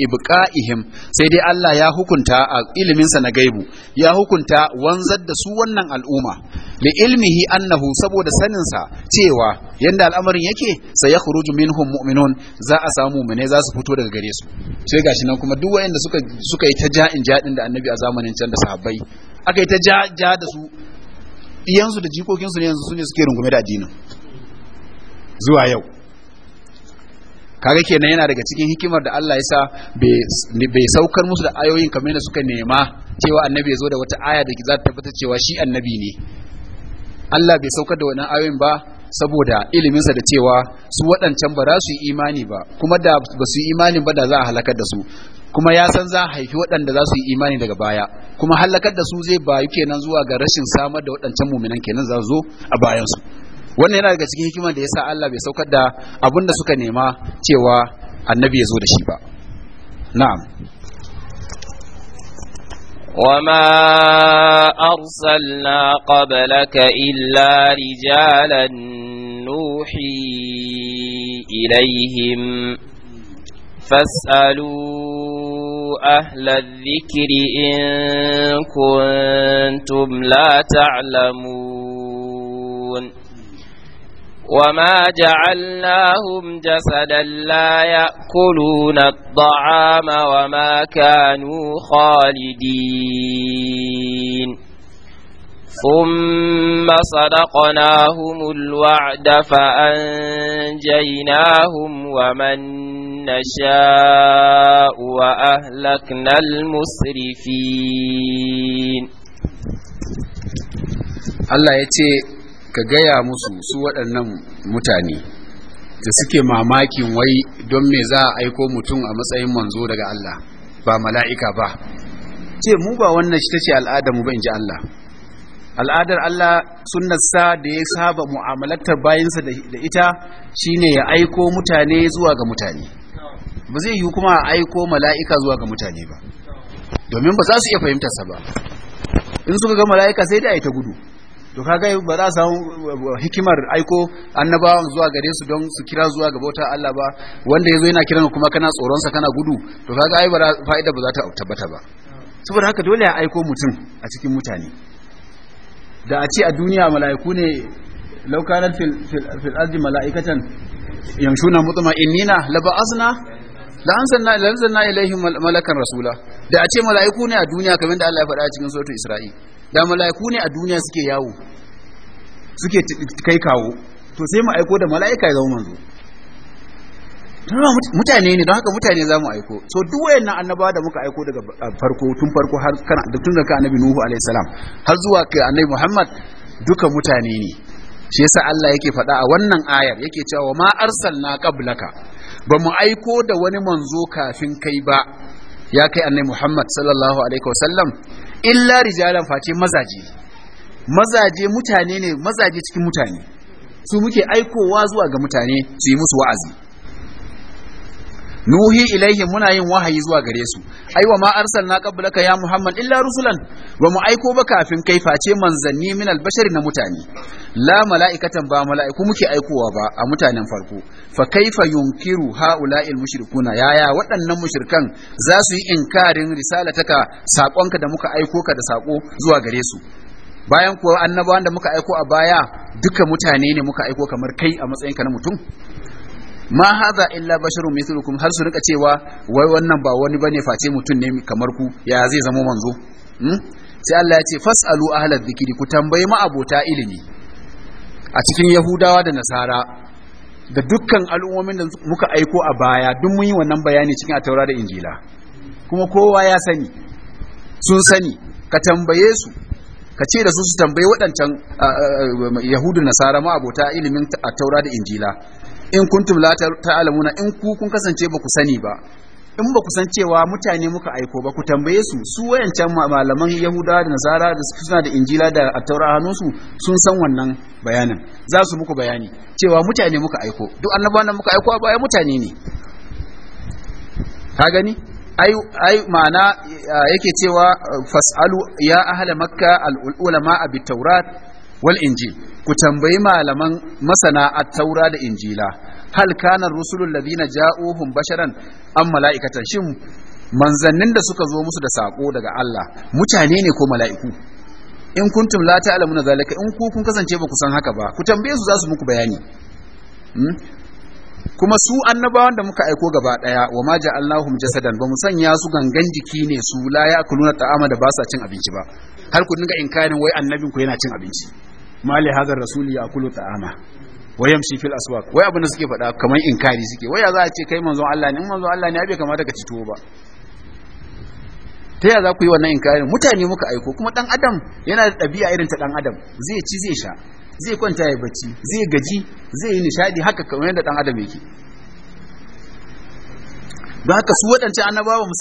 ibqa'ihim sai dai Allah ya hukunta a iliminsa na gaibu ya hukunta wanzar da su wannan al'umma li ilmihi annahu saboda sanin sa cewa yanda al'amarin yake sai ya khuruju minhum mu'minun za a samu mene za su fito daga gare su sai gashi nan kuma duk wayanda suka suka yi ta ja'in ja'in da annabi a zamanin can da sahabbai aka yi ta ja ja da su iyansu da jikokinsu ne yanzu sune ne suke rungume da addinin zuwa yau kaga kenan yana daga cikin hikimar da Allah ya sa bai saukar musu da ayoyin kamar da suka nema cewa annabi ya zo da wata aya da za ta tabbatar cewa shi annabi ne Allah bai saukar da wannan ayoyin ba saboda iliminsa da cewa su waɗancan ba za su yi imani ba kuma da ba su yi imanin ba da za a halakar da su kuma ya san za haifi waɗanda za su yi imani daga baya kuma halakar da su zai bayu kenan zuwa ga rashin samar da waɗancan muminan kenan za su zo a bayansu wannan yana daga cikin hikimar da ya sa Allah bai saukar da abin da suka nema cewa annabi ya zo da shi ba na'am وما أرسلنا قبلك إلا رجالا نوحي إليهم فاسألوا أهل الذكر إن كنتم لا تعلمون وما جعلناهم جسدا لا يأكلون الطعام وما كانوا خالدين ثم صدقناهم الوعد فأنجيناهم ومن نشاء وأهلكنا المسرفين الله يتي ka gaya musu su waɗannan mutane da suke mamakin wai don me za a aiko mutum a matsayin manzo daga Allah ba mala'ika ba ce mu ba wannan shi ta al'adar mu ba in ji Allah al'adar Allah sunnarsa da ya saba mu’amalatar bayansa da ita shine ya aiko mutane zuwa ga mutane ba zai yi kuma a aiko mala'ika zuwa ga mutane ba domin ba za su iya fahimtarsa ba in suka ga mala'ika sai da a yi ta gudu to kaga ba za a samu eh, hikimar aiko annabawan zuwa gare su don su kira zuwa ga bauta Allah ba wanda yazo yana kiran kuma kana tsoron sa kana gudu to kaga ai ba fa'ida ba za ta tabbata ba saboda haka dole ya aiko mutum a cikin mutane da a ce a duniya mala'iku ne laukanar fil ardi mala'ikatan yamshuna mutma'innina laba'azna la anzalna lanzalna ilaihim malakan rasula da a ce mala'iku ne a duniya kamar da Allah ya faɗa a cikin suratul isra'i da mala'iku ne a duniya suke yawo suke kai kawo to sai mu aiko da mala'ika ya zama manzo mutane ne don haka mutane za mu aiko so duk wayannan annaba da muka aiko daga farko tun farko har kana da tun daga annabi nuhu alaihi salam har zuwa ga annabi muhammad duka mutane ne shi yasa Allah yake faɗa a wannan ayar yake cewa ma arsalna qablaka ba mu aiko da wani manzo kafin kai ba ya kai annabi muhammad sallallahu alaihi wasallam illa rijalan face mazaje mazaje mutane ne mazaje cikin mutane su muke aikowa zuwa ga mutane su yi musu wa'azi nuhi ilaihim muna yin wahayi zuwa gare su ai wa ma arsalna qablaka ya muhammad illa rusulan wa mu aiko ba kafin kai face manzanni min albashari na mutane la mala'ikatan ba mala'iku muke aikowa ba a mutanen farko fa kaifa yunkiru haula'il mushrikuna yaya waɗannan mushrikan za su yi inkarin risalataka sakonka da muka aiko ka da sako zuwa gare su bayan kuwa annabawan da muka aiko a baya duka mutane ne muka aiko kamar kai a matsayinka na mutum ma hadha illa basharun mithlukum har su rika cewa wai wannan ba wani bane face mutum ne kamar ku ya zai zama manzo hmm? sai Allah ya ce fasalu ahlal dhikri ku tambayi ma abota ilimi a cikin yahudawa da nasara da dukkan al'ummomin da muka aiko a baya duk mun yi wannan bayani cikin ataura da injila kuma kowa ya sani sun sani ka tambaye su ka ce da su su tambayi waɗancan yahudu nasara ma abota ilimin a taura da injila in kuntum la ta'lamuna in ku kun kasance ba ku sani ba in ba ku san cewa mutane muka aiko ba ku tambaye su su wayancan malaman Yahuda da nasara da suna da injila da attaura hannunsu sun san wannan bayanin za su muku bayani cewa mutane muka aiko duk annabawan da muka aiko ba mutane ne ka gani ai ai ma'ana eh, yake cewa fasalu ya ahla makka al a bi taurat wal injil ku tambayi malaman masana at-taura da injila hal kana rusulul ladina ja'uhum basharan am mala'ikatan shin manzannin da suka zo musu da sako daga Allah mutane ne ko mala'iku in kuntum la na zalika in ku kun kasance ba ku san haka ba ku tambaye su za su muku bayani hmm? kuma su annabawan da muka aiko gaba daya wa ma ja'alnahum jasadan ba mu sanya su gangan jiki ne su la kuluna ta'ama da ba sa cin abinci ba har ku dinga inkarin wai annabin ku yana cin abinci mali hazar rasuli ya kulu ta'ama wa yamshi fil aswaq wai abin da suke faɗa kamar inkari suke waya za a ce kai manzon Allah ne in manzon Allah ne bai kamata ka cito ba ta yaya za ku yi wannan inkarin mutane muka aiko kuma dan adam yana da ɗabi'a irin ta dan adam zai ci zai sha zai kwanta ya bacci zai gaji zai yi nishadi haka kamar yadda dan adam yake don haka su waɗancan annabawa mu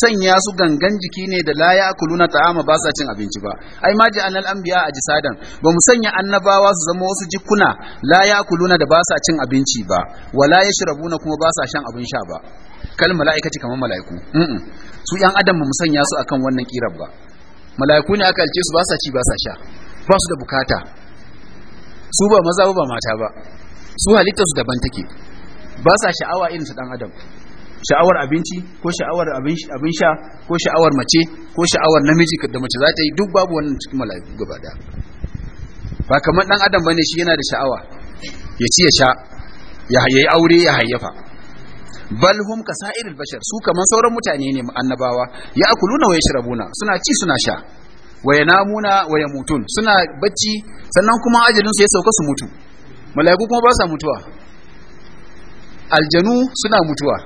sanya su gangan jiki ne da la kuluna ta'ama ba sa cin abinci ba ai ma an anbiya a jisadan ba mu sanya annabawa su zama wasu jikuna la kuluna da ba sa cin abinci ba wala yashrabuna kuma ba sa shan abin sha ba kal mala'ikati kamar mala'iku su yan adam mu sanya su akan wannan kiran ba mala'iku ne aka alce su ba sa ci ba sa sha ba su da bukata su ba maza ba mata ba su halittarsu daban take ba sa sha'awa irin su dan adam sha'awar abinci ko sha'awar abin sha ko sha'awar mace ko sha'awar namiji da mace za ta yi duk babu wannan cikin mala'iku gaba da ba kamar dan adam bane shi yana da sha'awa ya ci ya sha ya yayi aure ya hayyafa bal hum kasa'iril bashar su kamar sauran mutane ne annabawa ya akuluna wa yashrabuna suna ci suna sha waya namuna waya mutun suna bacci sannan kuma ajalin su ya sauka su mutu mala'iku kuma ba sa mutuwa aljanu suna mutuwa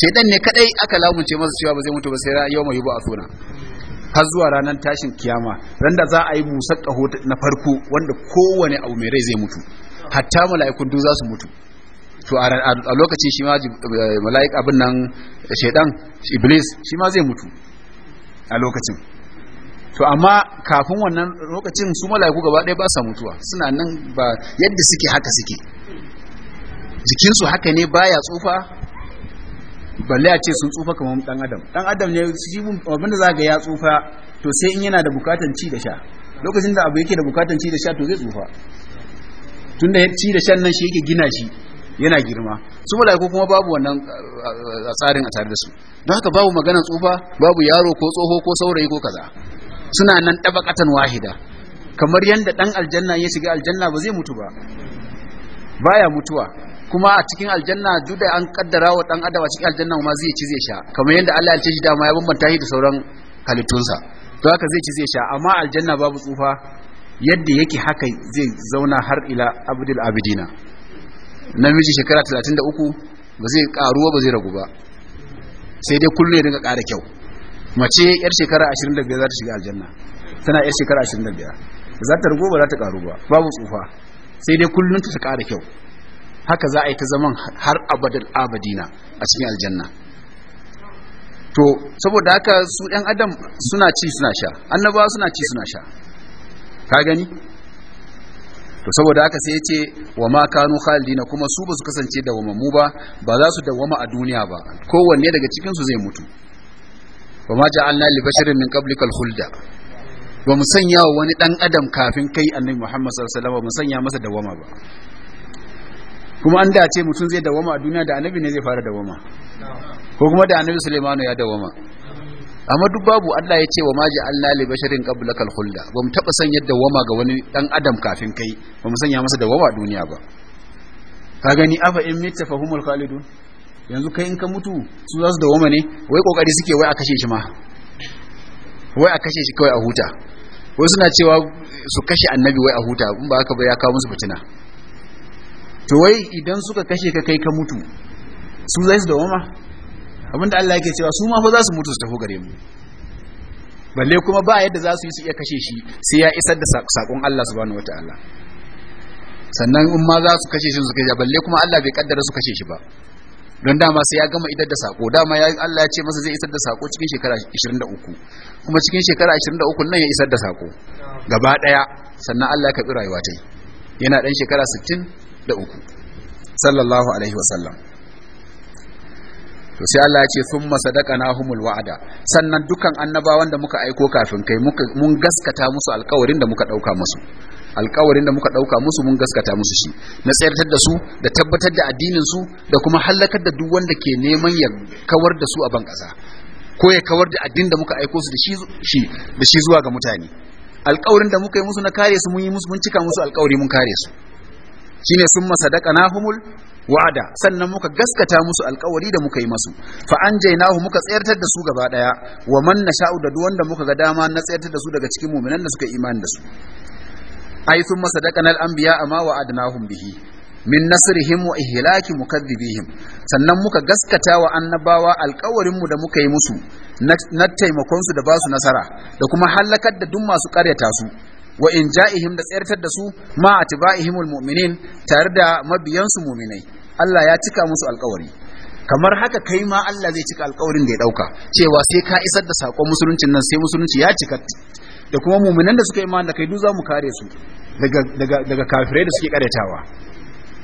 shaidan ne kadai aka lamunce masa cewa ba zai mutu ba sai yau mai a sona, har zuwa ranar tashin kiyama ran da za a yi busar kaho na farko wanda kowane abu mai rai zai mutu hatta mala'ikun duk za su mutu to a lokacin shi ma eh, mala'ik abin nan shaidan iblis shi ma zai mutu a lokacin to amma kafin wannan lokacin su mala'iku gaba ɗaya ba sa mutuwa suna nan ba yadda suke haka suke jikinsu haka ne baya tsufa balle a ce sun tsufa kamar dan adam dan adam ne shi abinda za ga ya tsufa to sai in yana da bukatan ci da sha lokacin da abu yake da bukatan ci da sha to zai tsufa tunda ci da shan nan shi yake gina shi yana girma su ko kuma babu wannan tsarin a tare da su don haka babu maganar tsufa babu yaro ko tsoho ko saurayi ko kaza suna nan tabakatan wahida kamar yadda dan aljanna ya shiga aljanna ba zai mutu ba baya mutuwa kuma a cikin aljanna duk da an kaddara wa dan adam a cikin aljanna ma zai ci zai sha kamar yadda Allah ya ce dama ya bambanta shi da sauran halittunsa to haka zai ci zai sha amma aljanna babu tsufa yadda yake haka zai zauna har ila abdul abidina namiji shekara 33 ba zai karu ba zai ragu ba sai dai kullum ya dinga ƙara kyau mace yar shekara 25 za ta shiga aljanna tana yar shekara 25 za ta ragu ba za ta karu ba babu tsufa sai dai kullum ta ƙara kyau haka za a yi ta zaman har abadin abadina a cikin aljanna to saboda haka su ɗan adam suna ci suna sha annaba suna ci suna sha ka gani to saboda haka sai ya ce wa ma kanu khalidina kuma su ba su kasance da mu ba ba za su dawama a duniya ba kowanne daga cikin su zai mutu wa ma ja'alna li basharin min qablika al-khulda ba mu sanya wani dan adam kafin kai annabi Muhammad sallallahu alaihi wasallam mu sanya masa dawama ba kuma an dace mutum zai dawama a duniya da annabi ne zai fara dawama ko kuma da annabi Sulaimanu ya dawama amma duk babu Allah ya ce wa maji Allah li basharin qablaka al-khulda ba mu taba san yadda dawama ga wani dan adam kafin kai ba mu sanya masa dawama a duniya ba ka gani afa in mita fa khalidun yanzu kai in ka mutu su za su dawama ne wai kokari suke wai a kashe shi ma wai a kashe shi kawai a huta wai suna cewa su kashe annabi wai a huta in ba haka ba ya kawo musu fitina to wai idan suka kashe ka kai ka mutu su zai su da wama abinda Allah yake cewa su ma fa za su mutu su tafi gare mu balle kuma ba yadda za su yi su iya kashe shi sai ya isar da sakon Allah subhanahu wataala sannan in ma za su kashe shi su kai balle kuma Allah bai kaddara su kashe shi ba don dama sai ya gama idar da sako dama ya Allah ya ce masa zai isar da sako cikin shekara 23 kuma cikin shekara 23 nan ya isar da sako gaba daya sannan Allah ya karbi rayuwa ta yana dan shekara da uku sallallahu alaihi wasallam to sai Allah ya ce sadaqana humul wa'ada sannan dukan annabawan da muka aiko kafin kai mun gaskata musu alƙawarin da muka dauka musu alƙawarin da muka dauka musu mun gaskata musu shi na tsayartar da su da tabbatar da addinin su da kuma halakar da duk wanda ke neman ya kawar da su a ban ƙasa ko ya kawar da addinin da muka aiko su da shi da shi zuwa ga mutane alƙawarin da muka yi musu na kare su mun yi musu mun cika musu alƙawari mun kare su shine sun masadaka nahumul wa'ada sannan muka gaskata musu alkawari da muka yi masu fa nahu muka tsayartar da su gaba daya wa man nasha'u da duwanda muka ga dama na tsayartar da su daga cikin mu'minan da suka imani da su Ai sun daka nal anbiya wa'ada wa'adnahum bihi min nasrihim wa ihlaki mukaddibihim sannan muka gaskata wa annabawa alkawarin mu da muka yi musu na taimakon su da basu nasara da kuma halakar da duk masu karyata su wa in ja'ihim da tsayartar da su ma atba'ihimul mu'minin tare da mabiyansu mu'minai Allah ya cika musu alƙawari kamar haka kai ma Allah zai cika alƙawarin da ya dauka cewa sai ka isar da sakon musuluncin nan sai musulunci ya cika da kuma mu'minan da suka imani da kai duk za mu kare su daga daga daga kafirai da suke karetawa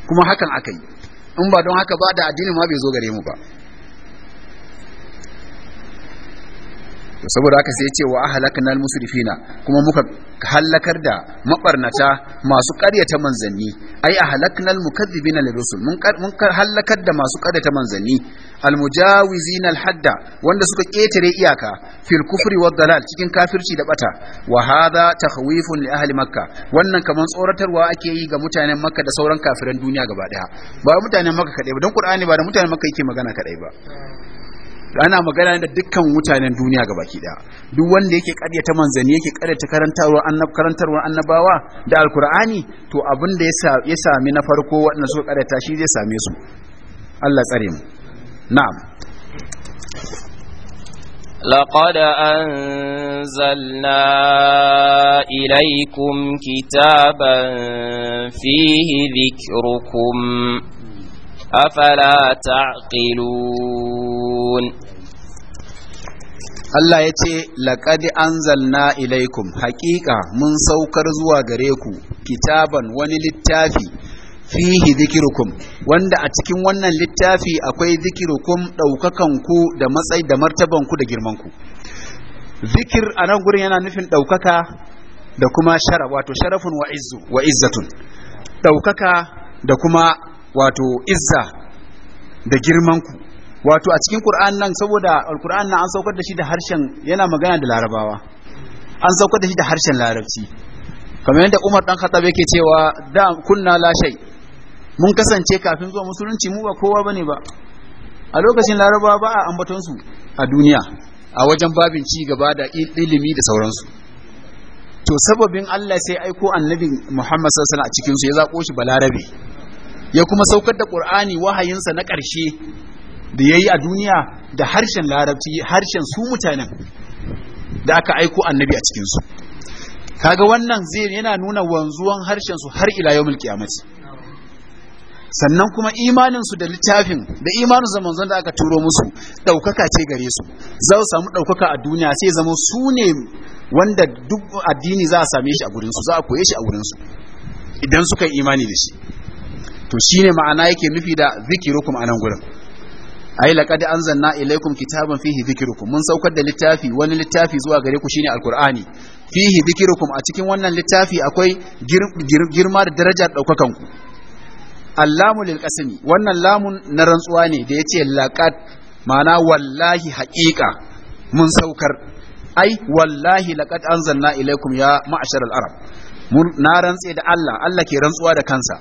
kuma hakan akai in ba don haka ba da addini ma bai zo gare mu ba to saboda haka sai ce wa ahlakna almusrifina kuma muka halakar da mabarnata masu ƙaryata manzanni ai ahlakna almukaththibina lirusul mun mun halakar da masu ƙaryata manzanni almujawizina hadda wanda suka ketare iyaka fil kufri wad dalal cikin kafirci da bata wa hadha takhwifun li ahli makka wannan kaman tsoratarwa ake yi ga mutanen makka da sauran kafiran duniya gaba daya ba mutanen makka kadai ba don qur'ani ba da mutanen makka yake magana kadai ba ana magana da dukkan mutanen duniya ga baki daya duk wanda yake karyata manzanni yake karyata karantarwar annab karantarwa annabawa da alkur'ani to abin da ya sami na farko wanda suka karyata shi zai same su Allah tsare mu na'am لقد أنزلنا إليكم كتابا فيه ذكركم أفلا تعقلون Allah ya ce laƙadi anzalna ilaikum haƙiƙa mun saukar zuwa gare ku kitaban wani littafi fihi zikirukum wanda a cikin wannan littafi akwai zikirukum ɗaukakanku da matsayi da martabanku da girmanku zikir a nan gurin yana nufin ɗaukaka da kuma sharaf wato sharafun wa wa izzatun ɗaukaka da kuma wato izza da girmanku wato a cikin Qur'an nan saboda Al-Qur'an nan an saukar da shi da harshen yana magana da Larabawa an saukar da shi da harshen Larabci kamar yadda Umar dan Khattab yake cewa da kunna la shay mun kasance kafin zuwa musulunci mu ba kowa bane ba a lokacin Larabawa ba a ambaton su a duniya a wajen babin ci gaba da ilimi da sauransu to sababin Allah sai aiko annabi Muhammad sallallahu alaihi wasallam a cikin su ya zako shi balarabe ya kuma saukar da Qur'ani wahayinsa na ƙarshe da ya yi a duniya da harshen larabci harshen su mutanen da aka aiko annabi a cikinsu kaga wannan zai yana nuna wanzuwan harshen su har ila yawmul qiyamati sannan kuma imaninsu su da littafin da imanin su manzon da aka turo musu ɗaukaka ce gare su za su samu daukaka a duniya sai zama su ne wanda duk addini za a same shi a gurin su za a koye shi a gurin su idan suka yi imani da shi to shine ma'ana yake nufi da zikirukum anan gurin ai laqad anzalna ilaykum kitaban fihi dhikrukum mun saukar da littafi wani littafi zuwa gare ku shine alqur'ani fihi dhikrukum a cikin wannan littafi akwai girma da darajar daukakan ku allamu lil wannan lamun na rantsuwa ne da yace laqad ma'ana wallahi haqiqa mun saukar ai wallahi laqad anzalna ilaykum ya ma'sharal arab arab na rantse da Allah Allah ke rantsuwa da kansa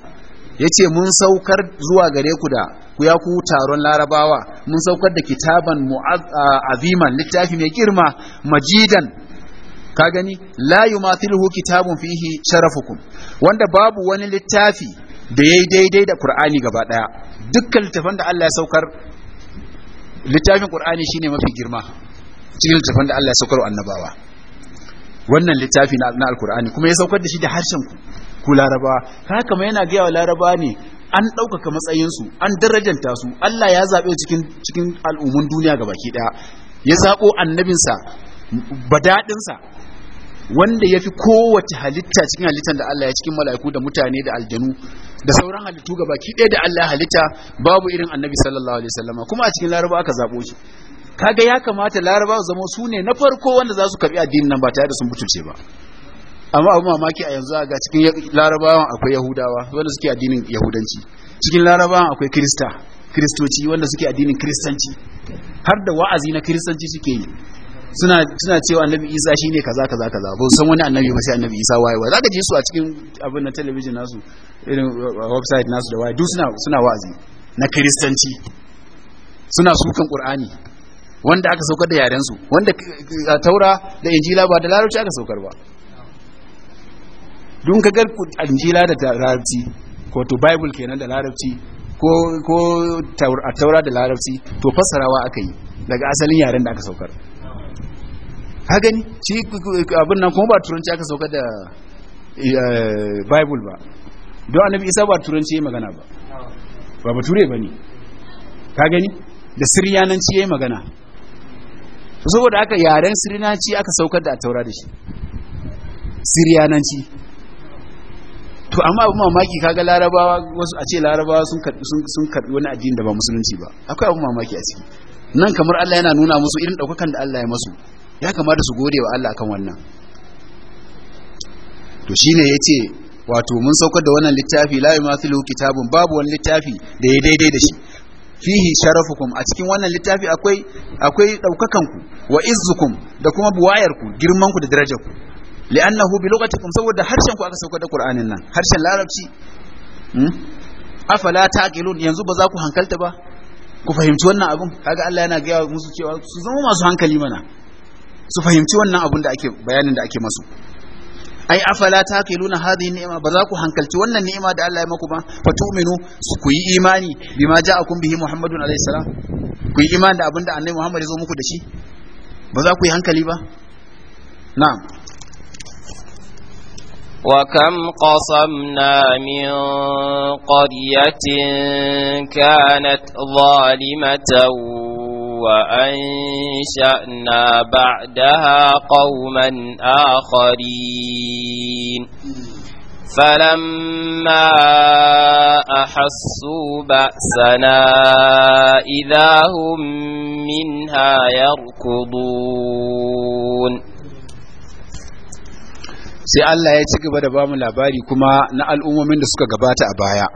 ya ce mun saukar zuwa gare ku da ku ya ku taron larabawa mun saukar da kitaban aziman littafi mai girma majidan ka gani la yumathiluhu kitabun fihi sharafukum wanda babu wani littafi da yayi daidai da Qur'ani gaba daya dukkan littafan da Allah ya saukar littafin Qur'ani shine mafi girma cikin littafan da Allah ya saukar annabawa wannan littafi na alkur'ani kuma ya saukar da shi da harshen ku ku larabawa haka kama yana gaya wa Laraba ne an ɗaukaka matsayinsu an darajanta su Allah ya zaɓe cikin cikin al'ummun duniya ga baki ɗaya ya zaɓo annabinsa badaɗinsa wanda ya fi kowace halitta cikin halittar da Allah ya cikin mala'iku da mutane da aljanu da sauran halittu ga baki ɗaya da Allah halitta babu irin annabi sallallahu alaihi wasallama kuma a cikin Laraba aka zaɓo shi kaga ya kamata su zama su ne na farko wanda za su karɓi addinin nan ba tare da sun butulce ba amma abu mamaki a yanzu ga cikin larabawan akwai yahudawa wanda suke addinin yahudanci cikin larabawan akwai krista kristoci wanda suke addinin kristanci har da wa'azi na kristanci suke yi suna suna cewa annabi isa shine kaza kaza kaza ba san wani annabi ba sai annabi isa waye za ka ji su a cikin abin na talabijin nasu irin uh, website nasu da waye duk suna suna wa'azi na kristanci suna sukan qur'ani wanda aka saukar da yaren su wanda uh, taura da injila ba da larabci aka saukar ba don ka gar injila da larabci ko to bible kenan da larabci ko ko taura da larabci to fassarawa aka yi daga asalin yaren da aka saukar ha gani shi abin nan kuma ba turanci aka saukar da eh, bible ba don annabi isa ba turanci magana ba ba bature ba ne ka gani da siryananci ya yi magana saboda aka yaren siryananci aka saukar da a taura da shi siryananci to amma abu mamaki kaga larabawa wasu a ce larabawa sun karbi sun karbi wani addini da ba musulunci ba akwai abu mamaki a ciki nan kamar Allah yana nuna musu irin daukakan da Allah ya masu ya kamata su gode wa Allah akan wannan to shine yace wato mun saukar da wannan littafi la yumathilu kitabun babu wani littafi da ya daidai da shi fihi sharafukum a cikin wannan littafi akwai akwai daukakan ku wa izzukum da kuma buwayar ku girman ku da darajar ku li'annahu bi lughatikum saboda harshen ku aka sauka da qur'anin nan harshen larabci hmm? afala taqilun yanzu ba za ku hankalta ba ku fahimci wannan abun kaga Allah yana gaya musu cewa su zama masu hankali mana su fahimci wannan abun bayanin da ake masu ai afala taqiluna hadhihi ni'ma ba za ku hankalci wannan ni'ima da Allah ya maku ba fa ku yi imani bima ja'akum bihi Muhammadun alaihi salam ku yi imani da da Annabi Muhammad ya zo da shi ba za ku yi hankali ba na'am وكم قصمنا من قرية كانت ظالمة وأنشأنا بعدها قوما آخرين فلما أحسوا بأسنا إذا هم منها يركضون sai Allah ya ci gaba da ba mu labari kuma na al'ummomin da suka gabata a baya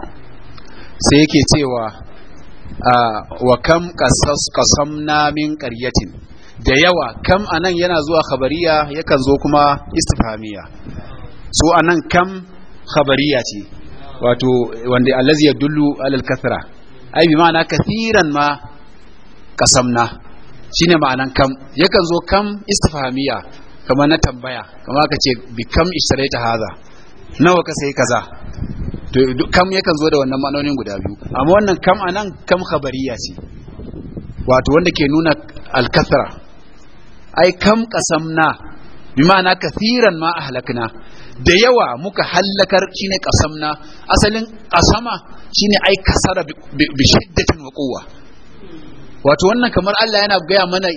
sai yake cewa wa kam qasamna min ƙaryatin da yawa kam anan yana zuwa khabariya yakan zo kuma istifhamiya so anan kam khabariya ce wato wanda allazi dullu alal kathra ai bi ma'ana kathiran ma kasamna shine ma'anan kam yakan zo kam istifhamiya kama na tambaya kama ka ce bikam ishtarayta haza nawa ka sai kaza to kam yakan zo da wannan ma'anonin guda biyu amma wannan kam anan kam khabariya ce wato wanda ke nuna alkathara ai kam kasamna bi ma'ana kathiran ma ahlakna da yawa muka hallakar shine kasamna asalin kasama shine ai kasara bi shiddatin wa quwwa wato wannan kamar Allah yana gaya mana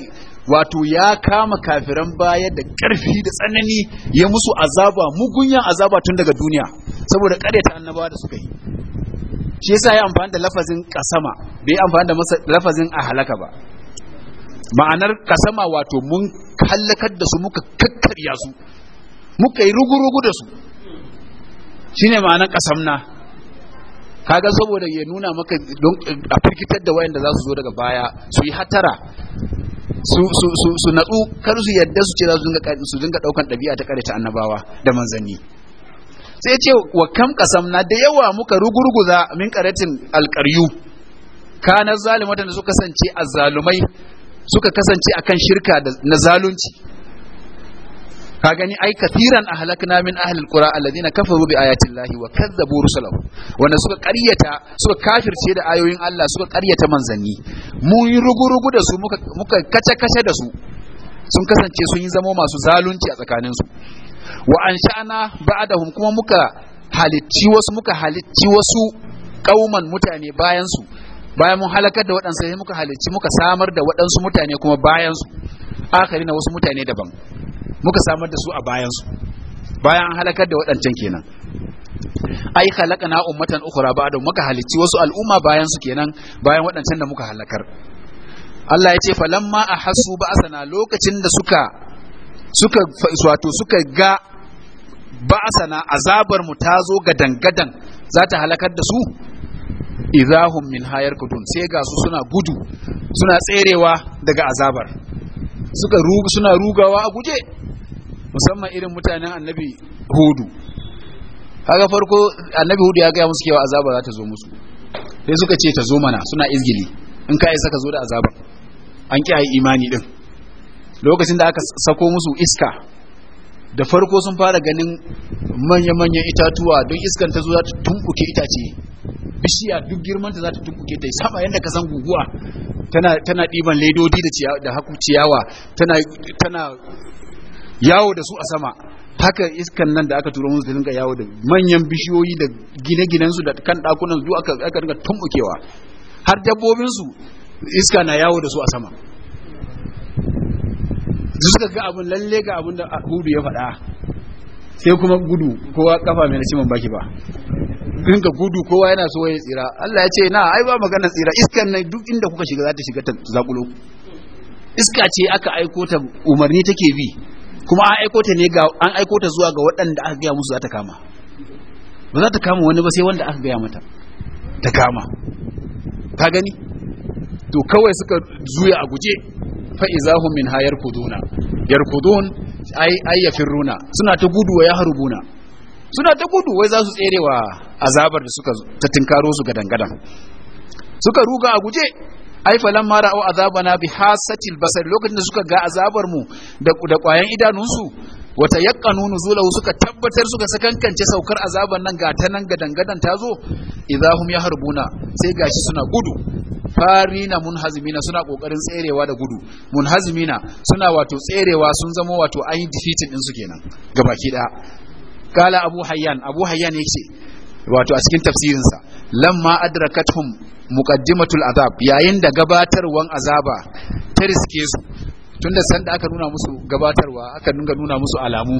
wato ya kama kafiran baya da ƙarfi da tsanani ya musu azaba mugunyan azaba tun daga duniya saboda ta annabawa da suka yi shi yasa ya amfani da lafazin kasama bai amfani da lafazin a halaka ba ma'anar kasama wato mun kallakar da su muka kakkarya su muka yi rugu da su shine ma'anar kasamna kaga saboda ya nuna maka don a firkitar da wayanda za su zo daga baya su yi hatara su su natsu kar su yadda su ce za su dinga su dinga daukan dabi'a ta kare ta annabawa da manzanni sai ce wa kam na da yawa muka rugurguza min karatin alqaryu kana zalimatan da suka kasance azzalumai suka kasance akan shirka na zalunci ka gani ai kathiran ahlakna min ahlil qura alladhina kafaru bi ayati llahi wa kazzabu rusulahu wanda suka ƙaryata suka kafirce da ayoyin Allah suka ƙaryata manzanni mun yi rugurugu da su muka muka kace kace da su sun kasance sun yi zamo masu zalunci a tsakanin su wa ansha'na ba'dahum kuma muka halicci wasu muka halicci wasu kauman mutane bayan su bayan mun halakar da waɗansu sai muka halicci muka samar da waɗansu mutane kuma bayan su akari na wasu mutane daban muka samar da su a bayansu bayan an halakar da waɗancan kenan ai khalaqna ummatan ukhra ba'da muka halicci wasu al'umma bayan su kenan bayan waɗancan da muka halakar Allah ya ce falamma ahassu ba'sana lokacin da suka suka wato suka ga ba'sana azabar mu ta zo gadan gadan za ta halakar da su idahum min hayar sai ga su suna gudu suna tserewa daga azabar suka suna rugawa a guje musamman irin mutanen annabi hudu haka farko annabi hudu ya gaya musu cewa azaba za ta zo musu sai suka ce ta zo mana suna izgili in ka isa ka zo da azaba an kiyaye imani din lokacin da aka sako musu iska da farko sun fara ganin manya-manyan itatuwa don iskan ta zo za ta tunkuke itace bishiya duk girmanta za ta tunkuke ta sama yadda ka san guguwa tana tana diban ledodi da da haku ciyawa tana tana yawo da su a sama haka iskan nan da aka turo musu da dinga yawo da manyan bishiyoyi da gine-ginen su da kan dakunan su aka aka dinga tumbukewa har dabbobin su iska na yawo da su a sama suka ga abin lalle ga abin da Hudu ya faɗa sai kuma gudu kowa kafa mai nashiman baki ba rinka gudu kowa yana so ya tsira Allah ya ce na ai ba magana tsira iskan nan duk inda kuka shiga za ta shiga ta zakulo iska ce aka aiko ta umarni take bi kuma an aiko ta ne ga an aiko ta zuwa ga waɗanda aka gaya musu za ta kama ba za ta kama wani ba sai wanda aka gaya mata ta kama ta gani to kawai suka zuya a guje fa izahum min hayar kuduna ai suna ta gudu wa ya harubuna suna ta gudu wai za su tsere wa azabar da suka ta tinkaro su gadan gadan suka ruga a guje ai falan mara au azabana bi hasatil basar lokacin da suka ga azabar mu da kwayan idanunsu wata Nunu nuzulahu suka tabbatar suka sakankance saukar azaban nan ga ta nan gadangadan dangadan ta zo idahum yaharbuna sai gashi suna gudu farina munhazimina suna kokarin tserewa da gudu munhazimina suna wato tserewa sun zama wato ayin defeating din su kenan gabaki daya kala abu hayyan abu hayyan yace wato a cikin sa lamma adrakathum muqaddimatul azab yayin da gabatarwan azaba ta riske su tunda sanda aka nuna musu gabatarwa aka dinga nuna musu alamu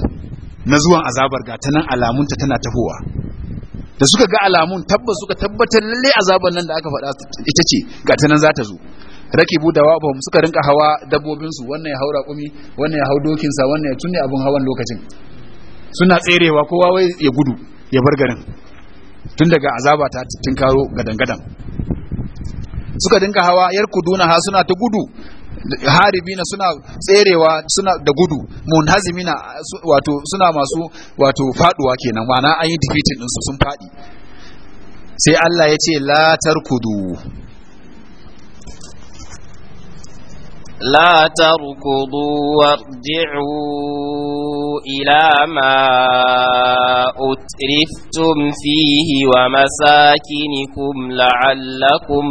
na zuwan azabar ga tanan alamun ta tana tahowa da suka ga alamun tabbas suka tabbatar lalle azabar nan da aka faɗa ita ce ga tanan za ta zo rakibu da wabo suka rinka hawa dabbobinsu wannan ya haura kumi wannan ya hau dokinsa wannan ya tunne abun hawan lokacin suna tserewa kowa wai ya gudu ya bar garin tun daga azaba ta tinkaro gadan-gadan suka dinka hawa yar kuduna ha suna ta gudu haribina suna tserewa suna da gudu munhazimina wato suna masu wato faduwa kenan ma'ana an yi defeating ɗinsu sun faɗi sai Allah ya ce la tarkudu لا تركضوا وارجعوا إلى ما أترفتم فيه ومساكنكم لعلكم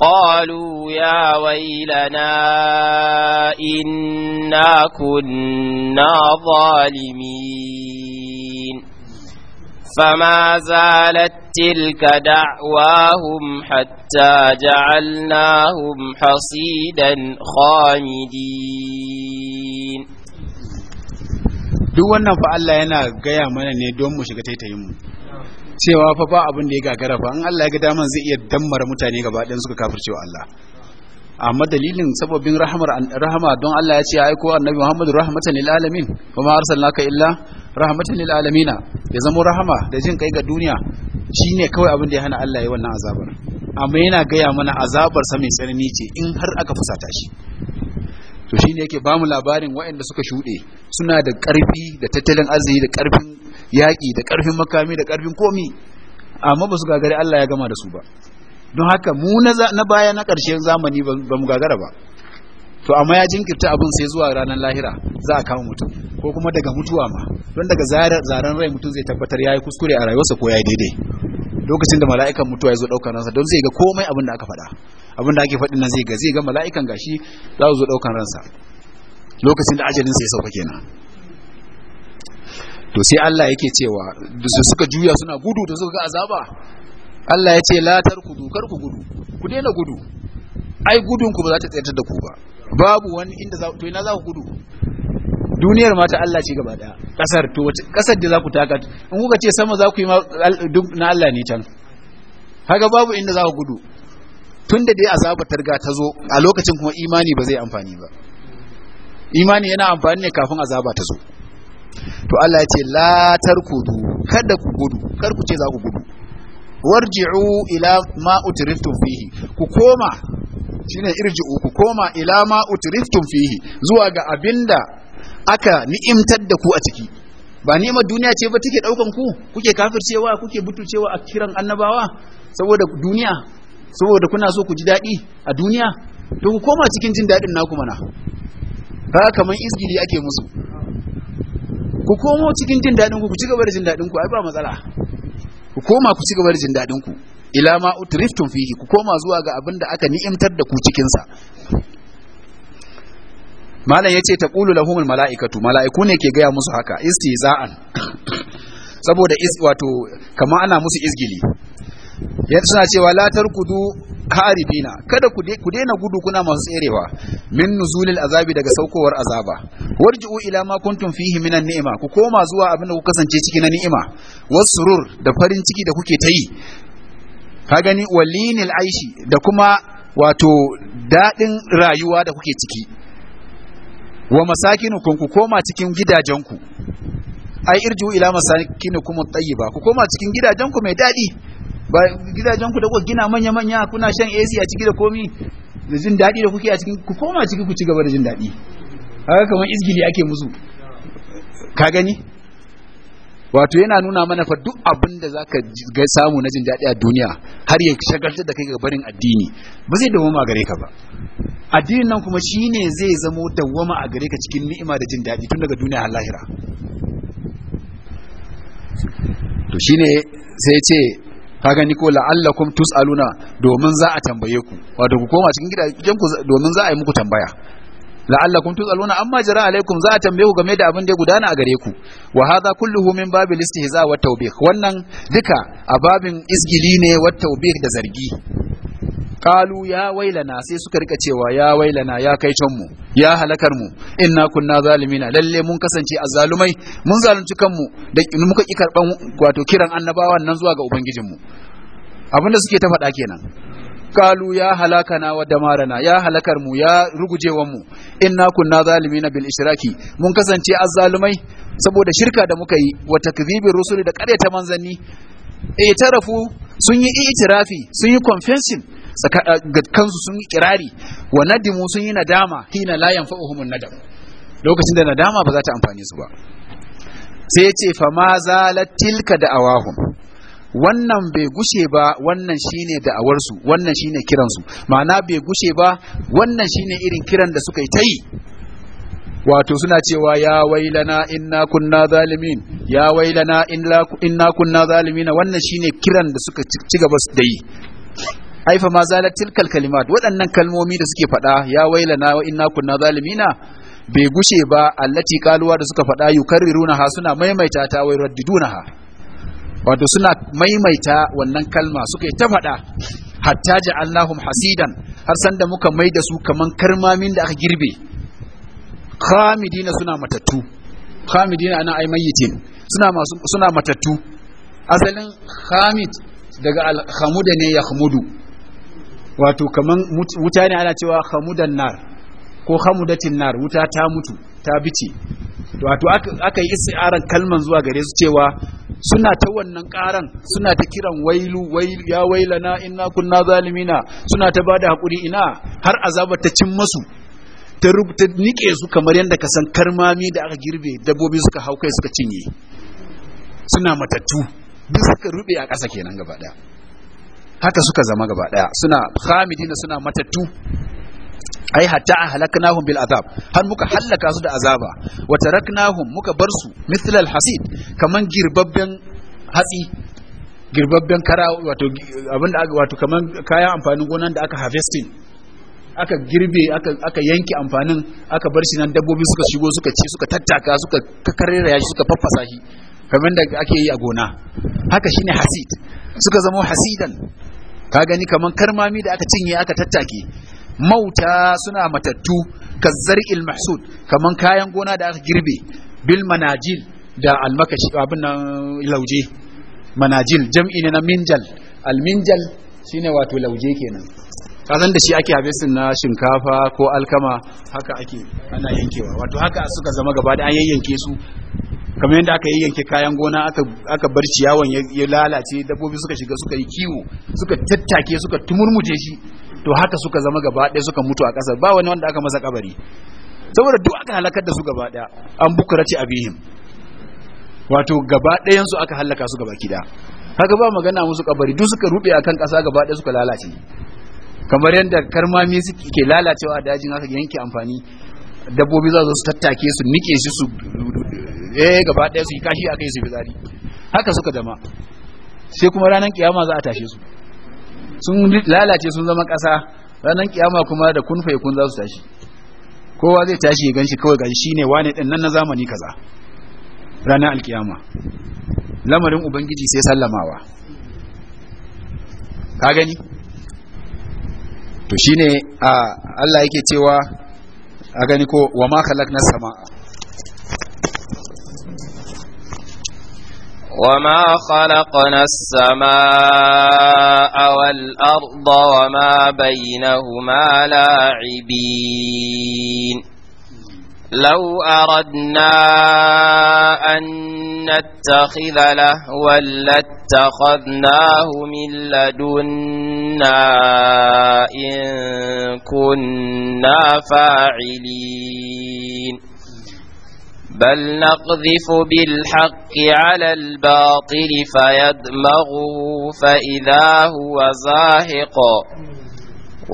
قالوا يا ويلنا إنا كنا ظالمين فما زالت تلك دعواهم حتى جعلناهم حصيدا خامدين duk wannan fa Allah yana gaya mana ne don mu shiga taitayin mu cewa fa ba abin da ya gagara fa in Allah ya ga daman zai iya dammara mutane gaba ɗayan suka kafircewa Allah amma dalilin sababin rahama don Allah ya ce ai aiko annabi Muhammad rahmatan lil alamin kuma arsalnaka illa rahmatan lil alamin ya zama rahama da jin kai ga duniya shine kawai abin da ya hana Allah ya wannan azabar amma yana gaya mana azabar sa mai tsanani ce in har aka fusata shi to shine yake ba mu labarin waɗanda suka shuɗe suna da ƙarfi da tattalin arziki da ƙarfin yaƙi da ƙarfin makami da ƙarfin komi amma ba su gagare Allah ya gama da su ba don haka mu na baya na ƙarshen zamani ba mu gagara ba to amma ya jinkirta abin sai zuwa ranar lahira za a kama mutum ko kuma daga mutuwa ma don daga zaren rai mutum zai tabbatar ya yi kuskure a rayuwarsa ko ya yi daidai lokacin da mala'ikan mutuwa ya zo ɗaukan ransa don zai ga komai abin da aka faɗa abin da ake faɗin nan zai ga zai ga mala'ikan gashi za su zo ɗaukan ransa lokacin da ajalin sai sauka kenan to sai Allah yake cewa su suka juya suna gudu to suka ga azaba Allah ya ce la tarkudu kar ku gudu ku daina gudu ai gudun ku ba za ta tsayar da ku ba babu wani inda za to ina za ku gudu duniyar ma ta Allah ce gaba daya kasar to wace kasar da za ku taka in kuka ce sama za ku yi duk na Allah ne can haka babu inda za ku gudu tun da dai azaba targa ta zo a lokacin kuma imani ba zai amfani ba imani yana amfani ne kafin azaba ta zo to Allah ya ce la tarkudu kada ku gudu kar ku ce za ku gudu warji'u ila ma utriftum fihi ku koma shine irji'u ku koma ila ma utriftum fihi zuwa ga abinda aka ni'imtar da ku a ciki ba ni'imar duniya ce ba take daukan ku kuke kafircewa kuke cewa a kiran annabawa saboda duniya saboda kuna so ku ji daɗi a duniya to ku koma cikin jin daɗin naku mana ba kamar isgili ake musu ku komo cikin jin daɗin ku ku ci gaba da jin daɗin ku ai ba matsala ku koma ku ci gaba da jin daɗin ku ila ma utriftum fihi ku koma zuwa ga abin da aka ni'imtar da ku cikin sa malam ya ce, yace taqulu lahumul malaikatu malaiku ne ke gaya musu haka istiza'an saboda is wato kamar ana musu izgili ya suna cewa la tarkudu haribina kada ku daina gudu kuna masu tserewa min nuzulil azabi daga saukowar azaba warji'u ila ma kuntum fihi minan ni'ima ku koma zuwa abin da ku kasance ciki na ni'ima wasurur da farin ciki da kuke ta yi ka gani walinil aishi da kuma wato daɗin rayuwa da kuke ciki wa masakinukum ku koma cikin gidajenku ai irju ila masakinukum at-tayyiba ku koma cikin gidajenku mai dadi ba gidajenku da kuka gina manya manya kuna shan AC a ciki da komi da jin dadi da kuke a cikin ku koma ciki ku ci gaba da jin dadi haka kamar izgili ake muzu ka gani wato yana nuna mana fa duk abin da zaka ga samu na jin daɗi a duniya har ya shagaltar da kai ga barin addini ba zai dawoma a gare ka ba addinin nan kuma shine zai zamo dawoma a gare ka cikin ni'ima da jin daɗi tun daga duniya har lahira to shine sai ce ka gani ko la'allakum tus'aluna domin za a tambaye ku wato ku koma cikin gidajen ku domin za a yi muku tambaya la'allakum tusaluna amma jara alaikum za a tambaye ku game da abin da ya gudana a gare ku wa hadha kulluhu min babil istihza wa tawbih wannan duka a babin isgili ne wa tawbih da zargi qalu ya wailana sai suka rika cewa ya wailana ya kai canmu, ya halakar mu inna kunna zalimina lalle mun kasance azzalumai mun zalunci kanmu da muka ki karban wato kiran annabawan nan zuwa ga ubangijinmu abinda suke ta faɗa kenan Kalu ya halakana wa damarana ya halakar mu ya rugujewan mu inna kunna zalimina bil israki mun kasance azzalumai saboda shirka da muka yi wa takdhibir rusuli da ƙaryata manzanni itarafu sun yi itirafi sun yi ga kansu sun yi kirari wa nadimu sun yi nadama hina la yanfa'uhum nadam lokacin da nadama ba za ta amfane su ba sai ya ce fa ma zalat tilka da awahum wannan bai gushe ba wannan shine da'awarsu wannan shine kiransu ma'ana bai gushe ba wannan shine irin kiran da suka yi ta yi wato suna cewa ya wailana inna kunna zalimin ya wailana inna kunna zalimin wannan shine kiran da suka ci gaba su da yi ai fa ma zalat tilkal kalimat waɗannan kalmomi da suke faɗa ya wailana wa inna kunna zalimina bai gushe ba allati kaluwa da suka faɗa yukarriruna ha suna maimaita ta wai raddidunaha wato suna maimaita wannan kalma suka yi ta faɗa hatta ja'alnahum hasidan har san da muka maida su kaman karmamin da aka girbe khamidina suna matattu khamidina ana ai mayyitin suna masu suna matattu asalin khamid daga al-khamuda ne ya khamudu wato kaman wuta ne ana cewa khamudan nar ko khamudatin nar wuta ta mutu ta bice wato aka yi isti'aran kalman zuwa gare su cewa suna ta wannan karan suna ta kiran wailu wailu ya wailana inna kunna zalimina suna ta bada hakuri ina har azabar ta cin masu ta rubuta nike su kamar yadda ka san karmami da aka girbe dabbobi suka hau kai suka cinye suna matattu duk suka rube a ƙasa kenan gaba daya haka suka zama gaba daya suna khamidina suna matattu ai hatta ahlaknahum bil azab har muka hallaka su da azaba wa taraknahum muka bar su misl al hasid kaman girbabben hatsi girbabben kara wato abinda wato kaman kayan amfanin gonan da aka harvesting aka girbe aka aka yanke amfanin aka bar shi nan dabbobi suka shigo suka ci suka tattaka suka kakarrera ya suka faffasa shi kamar da ake yi a gona haka shine hasid suka zama hasidan ka gani kaman karmami da aka cinye aka tattake mauta suna matattu kazzar'il mahsud kaman kayan gona da aka girbe bil manajil da almakashi abin nan lauje manajil jam'i ne na minjal alminjal shine wato lauje kenan kasan da shi ake habesin na shinkafa ko alkama haka ake ana yankewa wato haka suka zama gaba da an yayyanke su kamar yadda aka yayyanke kayan gona aka bar ciyawan ya lalace dabbobi suka shiga suka yi kiwo suka tattake suka tumurmuje shi to haka suka zama gaba ɗaya suka mutu a ƙasar ba wani wanda aka masa kabari saboda duk aka halakar da su gaba ɗaya an bukurati abihim wato gaba ɗayan su aka halaka su gaba kida haka ba magana musu kabari duk suka rube akan ƙasa gaba ɗaya suka lalace kamar yadda karmami suke lalacewa a dajin haka yanke amfani dabbobi za su tattake su nike shi su eh gaba ɗaya su yi kashi yi su fitsari haka suka zama sai kuma ranar kiyama za a tashe su sun lalace sun zama ƙasa ranar kiyama kuma da kun fai kun za su tashi kowa zai tashi ya ganshi kawai gashi shine wane din nan na zamani kaza ranar alkiyama lamarin ubangiji sai sallamawa ka gani to shine a Allah yake cewa a gani ko wa ma khalaqna samaa وما خلقنا السماء والأرض وما بينهما لاعبين لو أردنا أن نتخذ لهوا لاتخذناه من لدنا إن كنا فاعلين بل نقذف بالحق على الباطل فيدمغه فإذا هو زاهق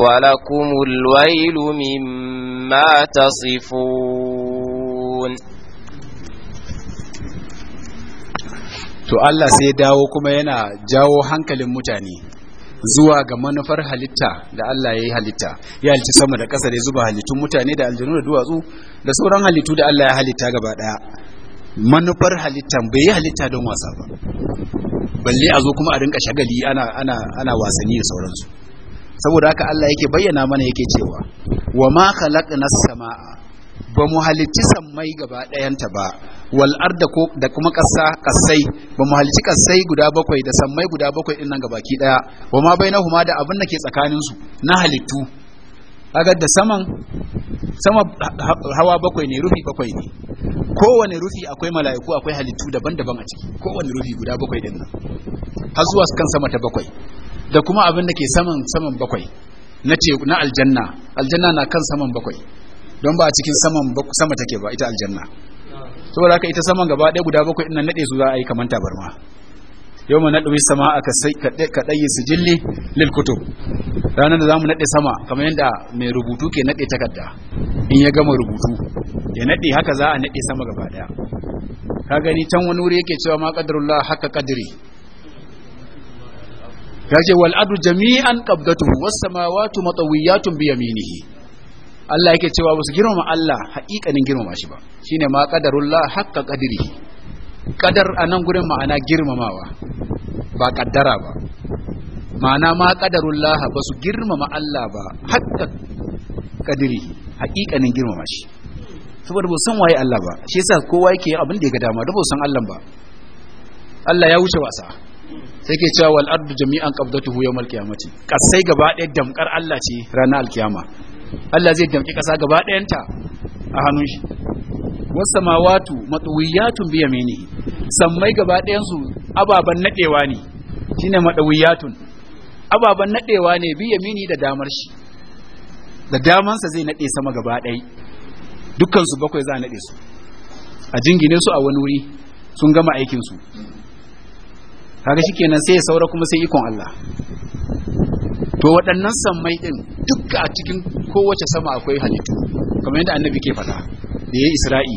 ولكم الويل مما تصفون to Allah sai dawo kuma yana jawo hankalin mutane zuwa ga manufar halitta da Allah ya yi halitta ya halitta sama da ƙasa da zuba halittun mutane da aljanu da duwatsu da sauran halittu da Allah ya halitta gaba ɗaya manufar halittan bai yi halitta don wasa ba balle a zo kuma a rinka shagali ana ana ana wasanni da sauransu saboda haka Allah yake bayyana mana yake cewa wa ma khalaqna as-samaa ba mu halitti sammai gaba ɗayanta ba wal arda ko da kuma ƙasa ƙasai ba mu halici ƙasai guda bakwai da sammai guda bakwai din nan gabaki daya ba ma huma da abin da ke tsakanin su na halittu kaga da saman sama hawa bakwai ne rufi bakwai ne kowane rufi akwai mala'iku akwai halittu daban-daban a ciki kowane rufi guda bakwai din nan har zuwa kan sama ta bakwai da kuma abin da ke saman saman bakwai na ce na aljanna aljanna na kan saman bakwai don ba a cikin saman sama take ba ita aljanna saboda haka ita saman gaba ɗaya guda bakwai ina naɗe su za a yi kamar tabarma yau mu naɗe sama aka sai ka su jilli lil kutub ranar da za mu naɗe sama kamar yadda mai rubutu ke naɗe takarda in ya gama rubutu ya naɗe haka za a naɗe sama gaba ɗaya ka gani can wani wuri yake cewa ma qadarullah haka kadiri ya ce wal adu jami'an qabdatuhu was samawati matawiyatun bi yaminihi Allah yake cewa ba su girmama Allah haƙiƙanin girmama shi ba shi ne ma haƙa ƙadiri ƙadar a nan gudun ma'ana girmamawa ba ƙaddara ba ma'ana ma qadarullah ba su girmama Allah ba haƙa ƙadiri haƙiƙanin girmama shi saboda ba san waye Allah ba shi yasa kowa yake abin da ya ga dama da ba san Allah ba Allah ya wuce wasa sai ke cewa wal ardu jami'an qabdatuhu yawmal qiyamati kasai gaba ɗaya damkar Allah ce ranar alkiyama Allah zai damƙi ƙasa gaba ɗayanta a hannun shi wasu samawatu maɗawiyatun biya mini sammai gaba ɗayansu ababen naɗewa ne Shi ne maɗawiyatun ababen naɗewa ne biya mini da damar shi da damansa zai naɗe sama gaba ɗai dukkansu bakwai za a naɗe su a jingine su a wani wuri sun gama aikinsu kaga shikenan sai ya saura kuma sai ikon Allah to waɗannan sammai ɗin duk a cikin kowace sama akwai halittu kamar yadda annabi ke faɗa da ya isra'i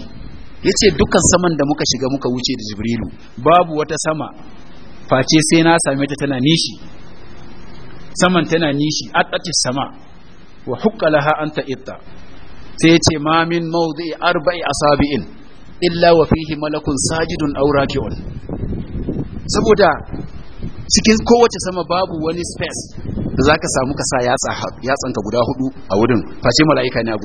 ya ce dukkan saman da muka shiga muka wuce da jibrilu babu wata sama face sai na same ta tana nishi saman tana nishi atatis sama wa hukka laha anta itta sai ya ce ma min mawdi'i arba'i asabi'in illa wa fihi malakun sajidun aw raki'un saboda cikin kowace sama babu wani space da zaka samu ka sa yatsanka guda hudu a wurin face mala'ika ne a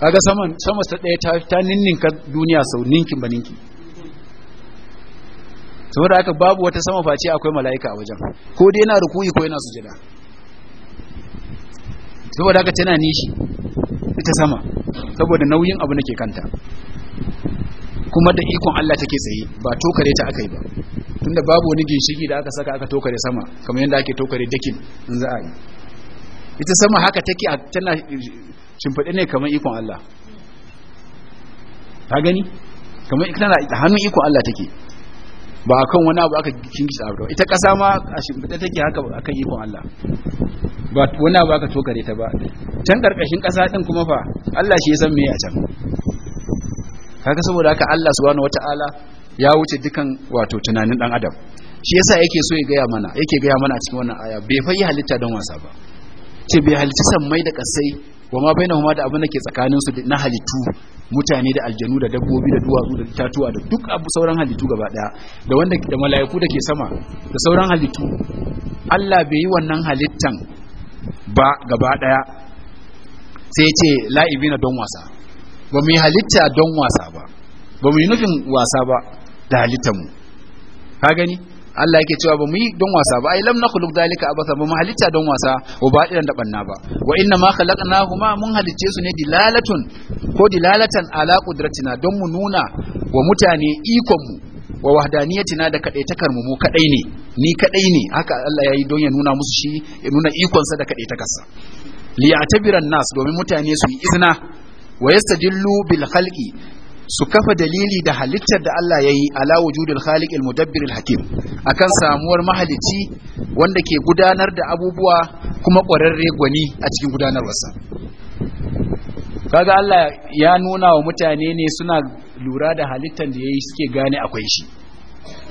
kaga saman sama ta daya ta ta ninninka duniya sau ninkin ba ninki saboda haka babu wata sama face akwai mala'ika a wajen ko dai yana rukuyi ko yana sujada saboda haka tana nishi ita sama saboda nauyin abu nake kanta kuma da ikon Allah take tsaye ba tokare ta akai ba tunda babu wani ginshiki da aka saka aka tokare sama kamar yadda ake tokare dakin in za a yi ita sama haka take a tana shimfiɗe ne kamar ikon Allah ta gani kamar tana hannun ikon Allah take ba a kan wani abu aka kingis abu ita ƙasa ma a shimfaɗe take haka a kan ikon Allah ba wani abu aka tokare ta ba can ƙarƙashin ƙasa ɗin kuma fa Allah shi ya san me a can kaga saboda haka Allah subhanahu wataala ya wuce dukan wato tunanin dan adam shi yasa yake so ya gaya mana yake gaya mana a cikin wannan aya bai fa yi halitta don wasa ba ce bai halitta sammai da kasai wa ma bainahuma da abin da ke tsakanin su na halittu mutane da aljanu da dabbobi da duwatsu da tatuwa da duk abu sauran halittu gaba daya da wanda da mala'iku da ke sama da sauran halittu Allah bai yi wannan halittan ba gaba daya sai ce la'ibina don wasa ba mu yi halitta don wasa ba ba mu yi nufin wasa ba da halitta mu ka gani Allah yake cewa ba mu yi don wasa ba ai lam nakhluq dalika abasa ba mu halitta don wasa wa ba da banna ba wa inna ma khalaqnahuma mun halicce su ne dilalatun ko dilalatan ala qudratina don mu nuna wa mutane ikon mu wa wahdaniyatina da kadaitakar mu mu kadai ne ni kadai ne haka Allah yayi don ya nuna musu shi ya nuna ikon sa da sa li ya'tabira nas domin mutane su yi izina wa yastadillu bil khalqi su kafa dalili da halittar da Allah yayi yi ala wujudil khaliq al mudabbir hakim akan samuwar mahalici wanda ke gudanar da abubuwa kuma ƙwararre gwani a cikin gudanarwarsa kaga Allah ya nuna wa mutane ne suna lura da halittar da yayi suke gane akwai shi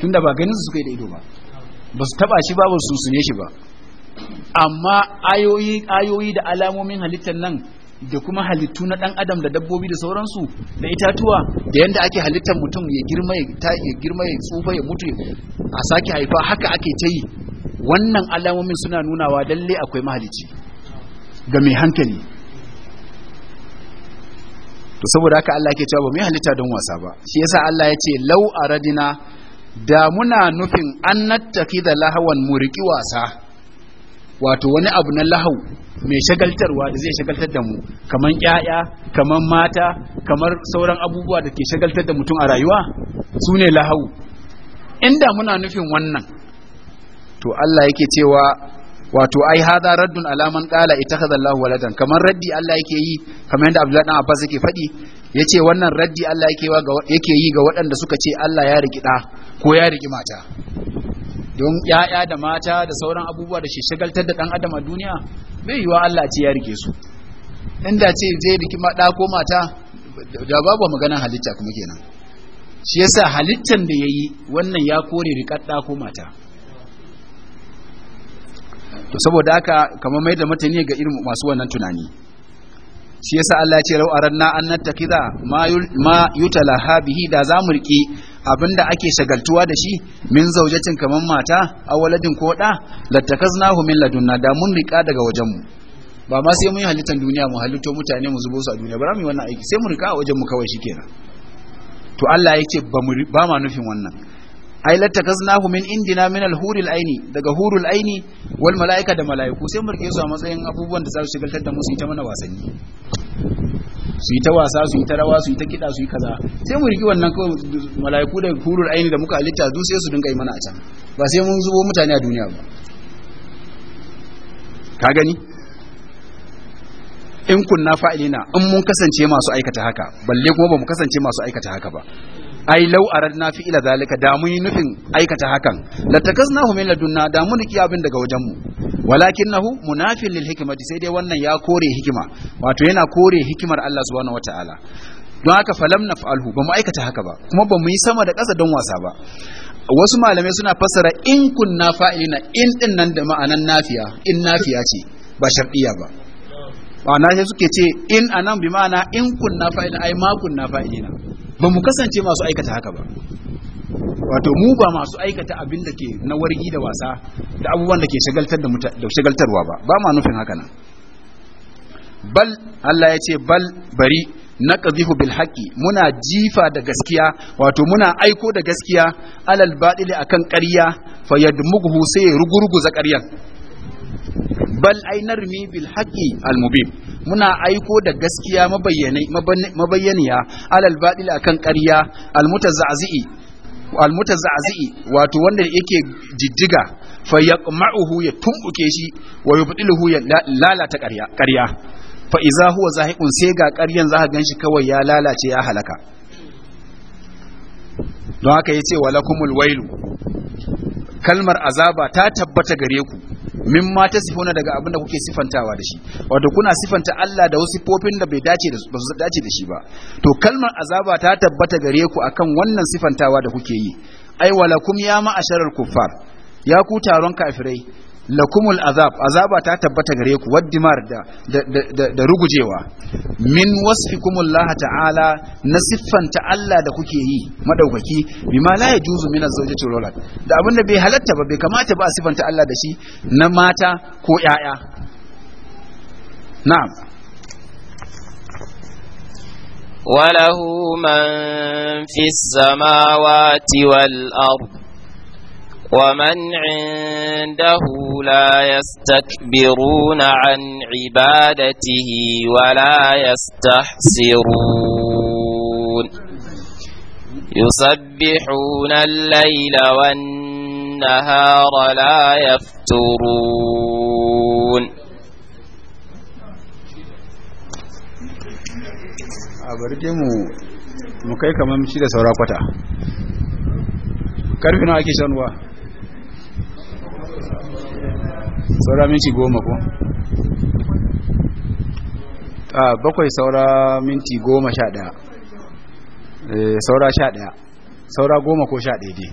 tunda ba ganin su suka da ido ba ba su taba shi ba ba su sune shi ba amma ayoyi ayoyi da alamomin halittar nan da kuma halittu na dan adam da dabbobi da sauransu da itatuwa da yanda ake halittar mutum ya girma ya girma ya tsufa ya mutu a sake haifa haka ake ta yi wannan alamomin suna nunawa lalle akwai mahalici ga mai hankali to saboda haka Allah ke cewa ba mai halitta don wasa ba shi yasa Allah ya ce lau aradina da muna nufin an nattaki da lahawan muriki wasa wato wani abu na lahau mai shagaltarwa da zai shagaltar da mu kamar ƴaƴa kamar mata kamar sauran abubuwa da ke shagaltar da mutum a rayuwa su ne lahau inda muna nufin wannan to Allah yake cewa wato ai hada raddun alaman qala ittakhadha Allahu waladan kamar raddi Allah yake yi kamar yadda Abdullahi dan Abbas yake faɗi yace wannan raddi Allah yake yi ga waɗanda suka ce Allah ya riki ɗa ko ya riki mata don ya'ya da mata da sauran abubuwa da shi shagaltar da dan adam a duniya bai yiwa Allah ce ya rike su inda ce zai riki da ko mata da babu maganar halitta kuma kenan shi yasa halittan da yayi wannan ya kore rikar da ko mata to saboda haka kamar mai da mutane ga irin masu wannan tunani shi yasa Allah ya ce rau aranna an ma yutala habihi da zamu abinda ake shagaltuwa da shi min zaujatin kamar mata a waladin ko da na min ladunna da mun rika daga wajen mu ba ma sai mun yi halittar duniya mu halitto mutane mu zubo su a duniya ba mu yi wannan aiki sai mu rika a wajen mu kawai kenan to Allah yake ba ma nufin wannan ai na min indina min alhuril aini daga hurul aini wal malaika da malaiku sai mu rike su a matsayin abubuwan da za su shagaltar da mu su ita mana wasanni su yi ta wasa su yi ta rawa su yi ta kiɗa su yi kaza sai mu riki wannan kawai mala'iku da hurur aini da muka halitta duk sai su dinga yi mana a can ba sai mun zubo mutane a duniya ba ka gani in kunna fa'ilina in mun kasance masu aikata haka balle kuma ba mu kasance masu aikata haka ba ai law aradna fi ila zalika da mun yi nufin aikata hakan la takasnahu min ladunna da mun ki abin daga wajen mu Walakin nahu munafin lil hikima. sai dai wannan ya kore hikima wato yana kore hikimar Allah subhanahu wataala don haka falam naf'alhu ba mu aikata haka ba kuma ba mu yi sama da ƙasa don wasa ba wasu malamai suna fassara in kunna fa'ilina in din nan da ma'anan nafiya in nafiya ce ba shar'iyya ba ma'ana sai suke ce in anan bi ma'ana in kunna fa'ilina ai ma kunna fa'ilina ba mu kasance masu aikata haka ba wato mu ba masu aikata abin da ke na wargi da wasa da abubuwan da ke da shagaltarwa ba ba ma nufin haka nan bal Allah ya ce bal bari na ƙazihu bil haƙi muna jifa da gaskiya wato muna aiko da gaskiya alal baɗili kan ƙarya fa yadmughu sai ya za ƙaryan bal ai narmi bil haƙi al mubin muna aiko da gaskiya mabayyaniya alal baɗili akan ƙarya al mutaza'zi'i almutaza'zi wato wanda yake jijjiga fa yaqma'uhu ya tumbuke shi wa yubdiluhu ya lalata ƙarya ƙarya fa iza huwa zahiqun sai ga ƙaryan za ka ganshi kawai ya lalace ya halaka don haka yace walakumul wailu kalmar azaba ta tabbata gare ku min ma ta sifona daga abin da kuke sifantawa da shi wato kuna sifanta Allah da wasu fofin da bai dace da ba su dace da shi ba to kalmar azaba ta tabbata gare ku akan wannan sifantawa da kuke yi ai walakum ya ma'asharar kuffar ya ku taron kafirai lakumul azab azaba ta tabbata gare ku waddimar da da rugujewa min Laha ta'ala na siffanta Allah da kuke yi madaukaki bima la yajuzu min azwajati da abinda bai halatta ba bai kamata ba a siffanta Allah da shi na mata ko yaya na'am وله من في السماوات والأرض ومن عنده لا يستكبرون عن عبادته ولا يستحسرون يسبحون الليل والنهار لا يفترون a barje mu kai kamar shi da saurakwata kwata karfi na ake shan ruwa saura minti goma ko a bakwai saura minti goma sha daya eh, saura sha daya saura goma ko sha daya dai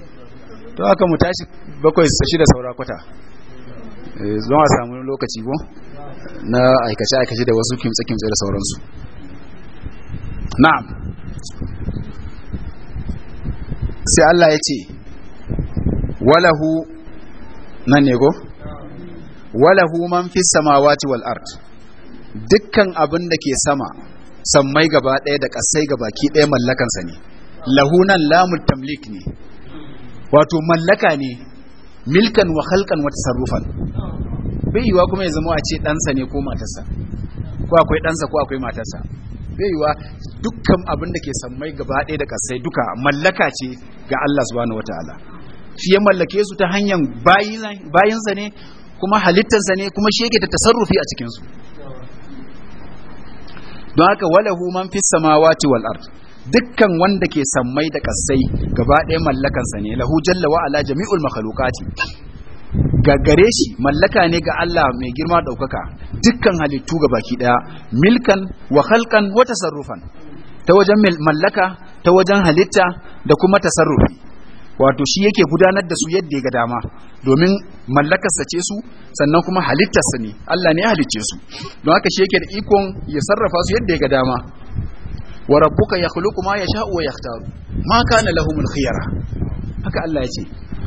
to haka mu tashi bakwai shida saura kwata eh, zuwa a samu lokaci ko na aikace-aikace da wasu kimtse-kimtse da sauransu na'am sai Allah ya ce walahu nan ne go walahu man fi samawati wal ard dukkan abin da ke sama sammai gaba ɗaya da ƙasai gaba ki ɗaya mallakansa ne lahunan lamul tamlik ne wato mallaka ne milkan wa halkan wa tasarrufan bai yiwa kuma ya zama a ce ɗansa ne ko matarsa ko akwai ɗansa ko akwai matarsa bai yiwa dukkan abin da ke sammai gaba ɗaya da ƙasai duka mallaka ce ga Allah subhanahu wataala shi ya mallake su ta hanyar bayinsa ne kuma halittarsa ne kuma shi ta tasarrufi a cikinsu don haka walahu man fi samawati wal ard dukkan wanda ke sammai da kassai gaba ɗaya mallakansa ne lahu jalla wa ala jami'ul makhluqati ga gare shi mallaka ne ga Allah mai girma ɗaukaka dukkan halittu ga baki ɗaya milkan wa khalqan wa tasarrufan ta wajen mallaka ta wajen halitta da kuma tasarrufi wato shi yake gudanar da su yadda ya ga dama domin mallakarsa ce su sannan kuma halittarsa ne Allah ne ya halicce su don haka shi yake da ikon ya sarrafa su yadda ya ga dama wa rabbuka yakhluqu ma yasha'u wa yakhtaru ma kana lahumul khiyara haka Allah ya ce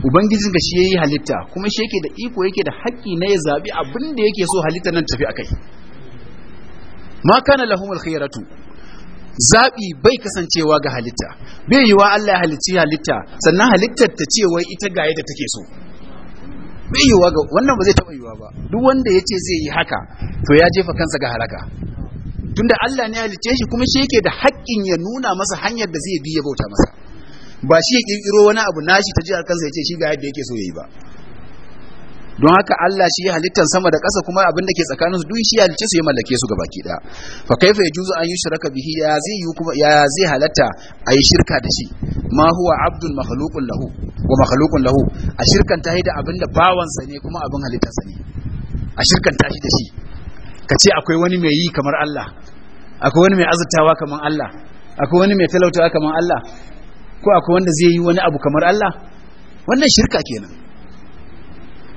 ubangijin ga shi yayi halitta kuma shi yake da iko yake da haƙƙi na ya zabi abinda da yake so halitta nan tafi akai ma kana lahumul khiyaratu zaɓi bai kasancewa ga halitta bai wa Allah ya halicci halitta sannan halittar ta ce wai ita ga yadda take so bai yiwa ga wannan ba zai taɓa yiwa ba duk wanda ya ce zai yi haka to ya jefa kansa ga haraka. tunda Allah ne ya halicce shi kuma shi yake da haƙƙin ya nuna masa hanyar da zai bi ya bauta masa ba shi ya ƙirƙiro wani abu nashi ta jihar kansa ya ce shi ga yadda yake so ya yi ba don haka Allah shi halitta sama da ƙasa kuma abin da ke tsakanin su duk shi halicce su ya mallake su gabaki ɗaya fa kaifa yajuzu an yushraka bihi ya zai yi kuma ya zai halatta a yi shirka da shi ma huwa abdul makhluqun lahu wa makhluqun lahu a shirkan ta da abin da bawansa ne kuma abin sa ne a shirkan ta da shi ka ce akwai wani mai yi kamar Allah akwai wani mai azurtawa kamar Allah akwai wani mai talautawa kamar Allah ko akwai wanda zai yi wani abu kamar Allah wannan shirka kenan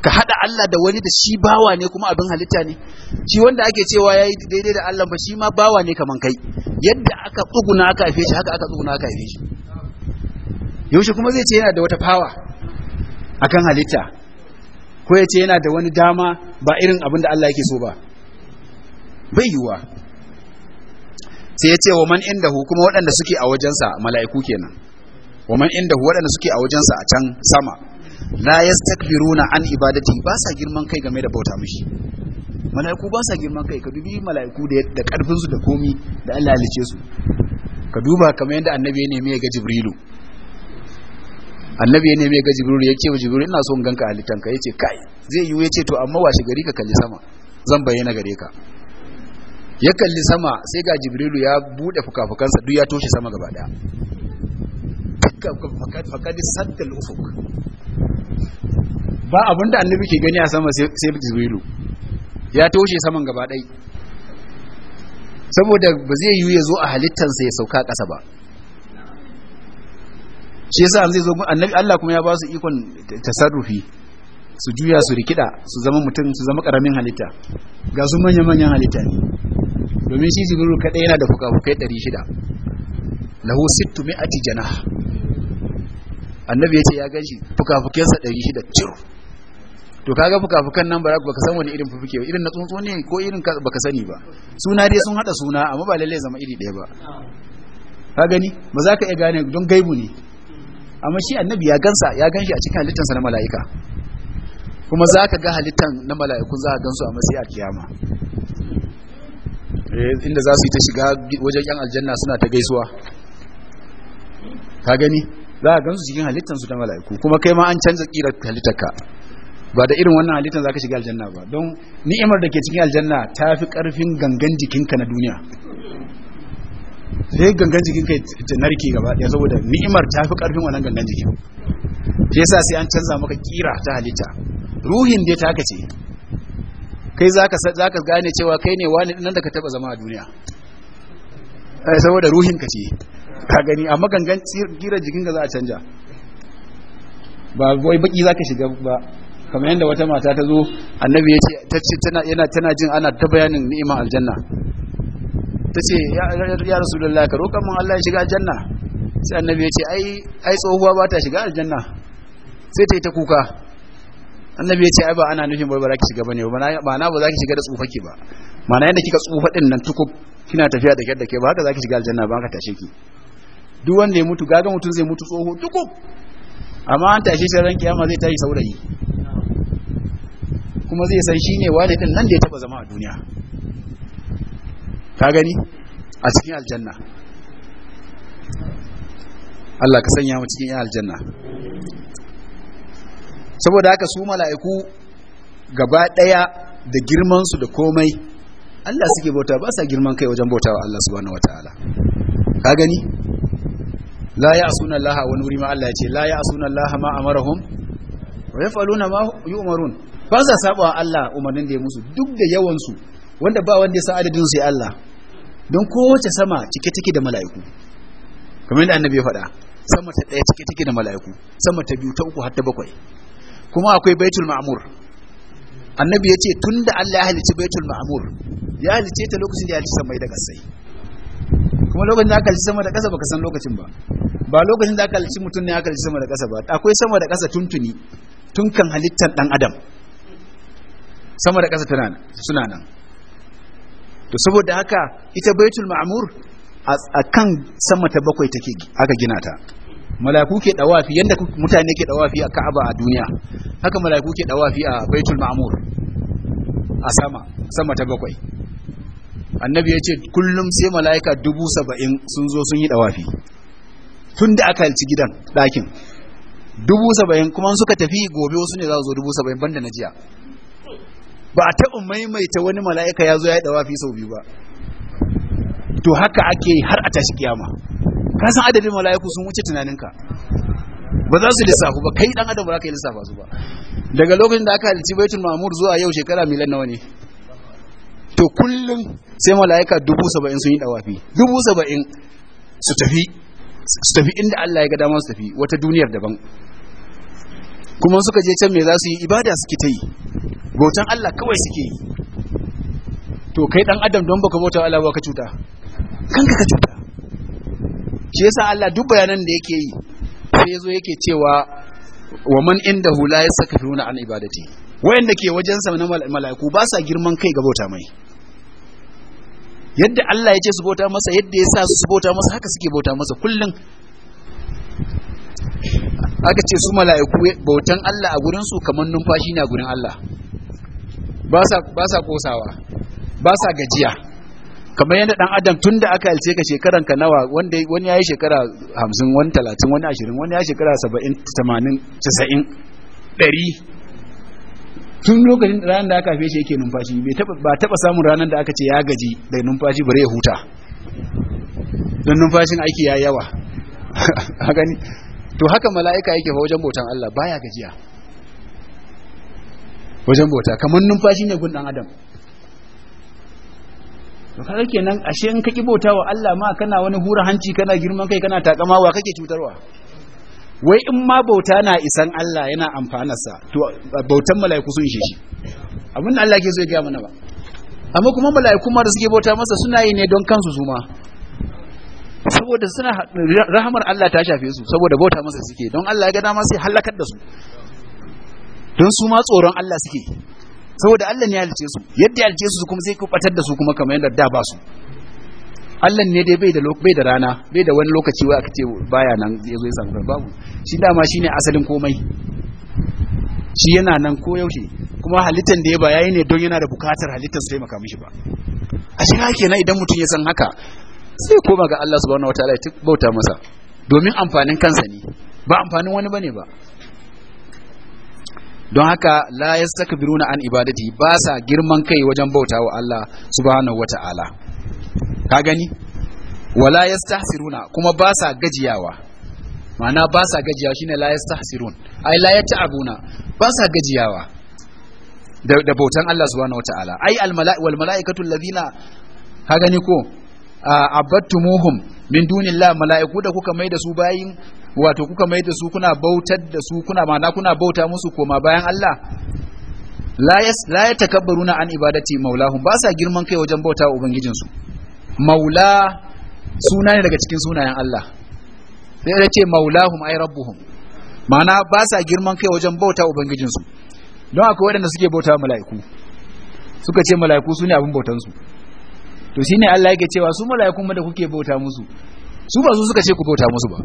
ka hada Allah da wani da shi bawa ne kuma abin halitta ne shi wanda ake cewa yayi daidai da Allah ba shi ma bawa ne kaman kai yadda aka tsuguna aka haife shi haka aka tsuguna aka haife shi yaushe kuma zai ce yana da wata fawa akan halitta ko ya ce yana da wani dama ba irin abin da Allah yake so ba bai yiwuwa sai ya ce wa man hu kuma waɗanda suke a wajensa mala'iku kenan wa man hu waɗanda suke a wajensa a can sama la yastakbiruna an ibadati ba sa girman kai game da bauta mishi mala'iku ba sa girman kai ka dubi mala'iku da karfin su da komi da Allah lice su ka duba kamar yadda annabi ya nemi ga jibrilu annabi ya nemi ga jibrilu ya ce wa jibrilu ina so in ganka halittan ka yace kai zai yiwu yace to amma washe gari ka kalli sama zan bayyana gare ka ya kalli sama sai ga jibrilu ya bude fukafukansa duk ya toshe sama gaba daya fakad saddal ufuk ba abin da annabi ke gani a sama sai jibrilu ya toshe saman gaba ɗai saboda ba zai yiwu ya zo a halittansa ya sauka ƙasa ba shi yasa zai zo annabi Allah kuma ya ba su ikon tasarrufi su juya su rikida su zama mutum su zama karamin halitta ga su manyan manyan halitta ne domin shi jibrilu kadai yana da fuka-fukai 600 lahu 600 janah annabi ya ce ya gan shi fukafukensa 600 ciro to kaga fukafukan nan ba ka san wani irin fufuke irin na tsuntsu ne ko irin ka baka sani ba suna dai sun hada suna amma ba lalle zama iri daya ba ka gani ba za ka iya gane don gaibu ne amma shi annabi ya gansa ya ganshi a cikin halittarsa na mala'ika kuma za ka ga halittar na mala'ikun za ka gansu a matsayi a kiyama eh, inda za su yi ta shiga wajen yan aljanna suna ta gaisuwa ka gani za a gansu cikin halittansu ta mala'iku kuma kai ma an canza kirar halittarka ba da irin wannan halittar za ka shiga aljanna ba don ni'imar da ke cikin aljanna ta fi ƙarfin gangan jikinka na duniya sai gangan jikinka ta narke gaba ya saboda ni'imar ta fi ƙarfin wannan gangan jikin shi yasa sai an canza maka kira ta halitta ruhin dai ta ce kai za ka gane cewa kai ne wani nan da ka taɓa zama a duniya eh, saboda ruhin ka ce ka gani amma gangan gira jikin ka za a canja ba wai baki zaka shiga ba kamar yadda wata mata ta zo annabi ya ce ta ce tana yana tana jin ana ta bayanin ni'imar aljanna ta ce ya rasulullah ka roƙa mun Allah ya shiga aljanna sai annabi ya ce ai ai tsohuwa ba ta shiga aljanna sai ta yi ta kuka annabi ya ce ai ba ana nufin ba za ki shiga bane ba na ba za ki shiga da tsufa ki ba ma'ana yadda kika tsufa din nan tukub kina tafiya da kyar da ke ba haka za ki shiga aljanna ba haka tashe ki duk wanda ya mutu gaga mutum zai mutu tsoho duku amma an tashi shi ran kiyama zai tashi saurayi kuma zai san shi ne wane din nan da ya taba zama a duniya ka gani a cikin aljanna Allah ka sanya mu cikin yan aljanna saboda haka su mala'iku gaba daya da girman su da komai Allah suke bauta ba sa girman kai wajen bauta wa Allah subhanahu wataala ka gani la asuna laha wa nuri ma Allah ya ce la asuna laha ma amarahum wa yaf'aluna ma yu'marun ba sa saba Allah umarnin da ya musu duk da yawansu su wanda ba wanda ya sa adadin sai Allah don kowace sama cike cike da mala'iku kamar yadda annabi ya faɗa sama ta ɗaya cike cike da mala'iku sama ta biyu ta uku har ta bakwai kuma akwai baitul ma'mur annabi ya ce tun da Allah ya halicci baitul ma'mur ya halicce ta lokacin da ya halicci samai da gasai kuma lokacin da aka halici sama da ƙasa baka san lokacin ba ba lokacin da aka halici mutum ne aka halici sama da ƙasa ba akwai sama da ƙasa tuntuni tun kan halittar ɗan adam sama da ƙasa suna nan to saboda haka ita baitul ma'mur a kan sama ta bakwai take aka gina ta malaku ke dawafi yanda mutane ke dawafi a Ka'aba a duniya haka malaku ke dawafi a Baitul Ma'mur a sama sama ta bakwai annabi ya ce kullum sai mala'ika dubu saba'in sun zo sun yi dawafi tun da aka halci gidan ɗakin dubu saba'in kuma suka tafi gobe wasu ne za su zo dubu saba'in banda na jiya ba a taɓa maimaita wani mala'ika ya zo ya yi dawafi sau biyu ba to haka ake har a tashi kiyama ka san adadin mala'iku sun wuce tunaninka ba za su lissafu ba kai dan adam ba za ka yi lissafa su ba daga lokacin da aka halici baitul mamur zuwa yau shekara milan nawa ne to kullum sai mala'ika dubu saba'in sun yi dawafi dubu saba'in su tafi su tafi inda Allah ya ga dama su tafi wata duniyar daban kuma suka je can me za su yi ibada suke ta yi bautan Allah kawai suke yi to kai dan adam don baka bauta Allah ba ka cuta kanka ka cuta shi yasa Allah duk bayanan da yake yi sai yazo yake cewa wa man saka la yasakfiruna an ibadati wayanda ke wajensa na mala'iku ba sa girman kai ga bauta mai yadda Allah ya ce su bauta masa yadda ya sa su bauta masa haka suke bauta masa kullum aka ce su mala'iku bautan Allah a gurin su kamar numfashi ne a gurin Allah ba sa ba sa kosawa ba sa gajiya kamar yadda dan adam tunda aka halice ka shekaran ka nawa wanda wani yayi shekara 50 wani 30 wani 20 wani ya shekara 70 80 90 100 tun lokacin ranar da aka haife shi yake numfashi ba taba samun ranar da aka ce ya gaji da numfashi bare ya huta don numfashin aiki ya yawa a gani to haka mala'ika yake fa wajen bautan Allah baya gajiya wajen bauta kamar numfashi ne gun dan adam to kaga kenan ashe in kaki bauta wa Allah ma kana wani hura hanci kana girman kai kana takamawa kake cutarwa wai in ma bauta na isan Allah yana amfanarsa to bautan mala'iku sun shi shi abin da Allah ke so ya gaya mana ba amma kuma mala'iku ma da suke bauta masa suna yi ne don kansu su ma saboda suna rahamar Allah ta shafe su saboda bauta masa suke don Allah ya ga dama sai halakar da su don su ma tsoron Allah suke saboda Allah ne ya halice su yadda ya halice su kuma sai ku batar da su kuma kamar yadda da ba su Allah ne dai bai da bai da rana bai da wani lokaci wai aka ce baya nan yazo ya samu babu shi dama shine asalin komai shi yana nan ko yaushe kuma halittar da ya ba yayi ne don yana da bukatar halittar sai maka mishi ba a shi kenan idan mutum ya san haka sai koma ga Allah subhanahu wataala ya bauta masa domin amfanin kansa ne ba amfanin wani bane ba don haka la yastakbiruna an ibadati ba sa girman kai wajen bautawa Allah subhanahu wataala ka gani wala yastahsiruna kuma ba sa gajiyawa ma'ana ba sa gajiyawa shine la yastahsirun ai la yata'abuna ba sa gajiyawa da, da bautan Allah subhanahu wataala ai al mala'i wal mala'ikatu alladhina ka gani ko abattumuhum min dunillahi mala'iku da kuka mai da su bayin wato kuka mai da su kuna bautar da su kuna ma'ana kuna bauta musu koma bayan Allah la yas la yatakabbaruna an ibadati maulahum ba sa girman kai wajen bauta wa ubangijinsu maula suna ne daga cikin sunayen Allah sai ya ce maulahum ay rabbuhum ma'ana ba sa girman kai wajen bauta ubangijinsu don akwai waɗanda suke bauta mala'iku suka ce mala'iku su ne abin bautansu to shine Allah yake cewa su mala'ikun ma da kuke bauta musu su ba su suka ce ku bauta musu ba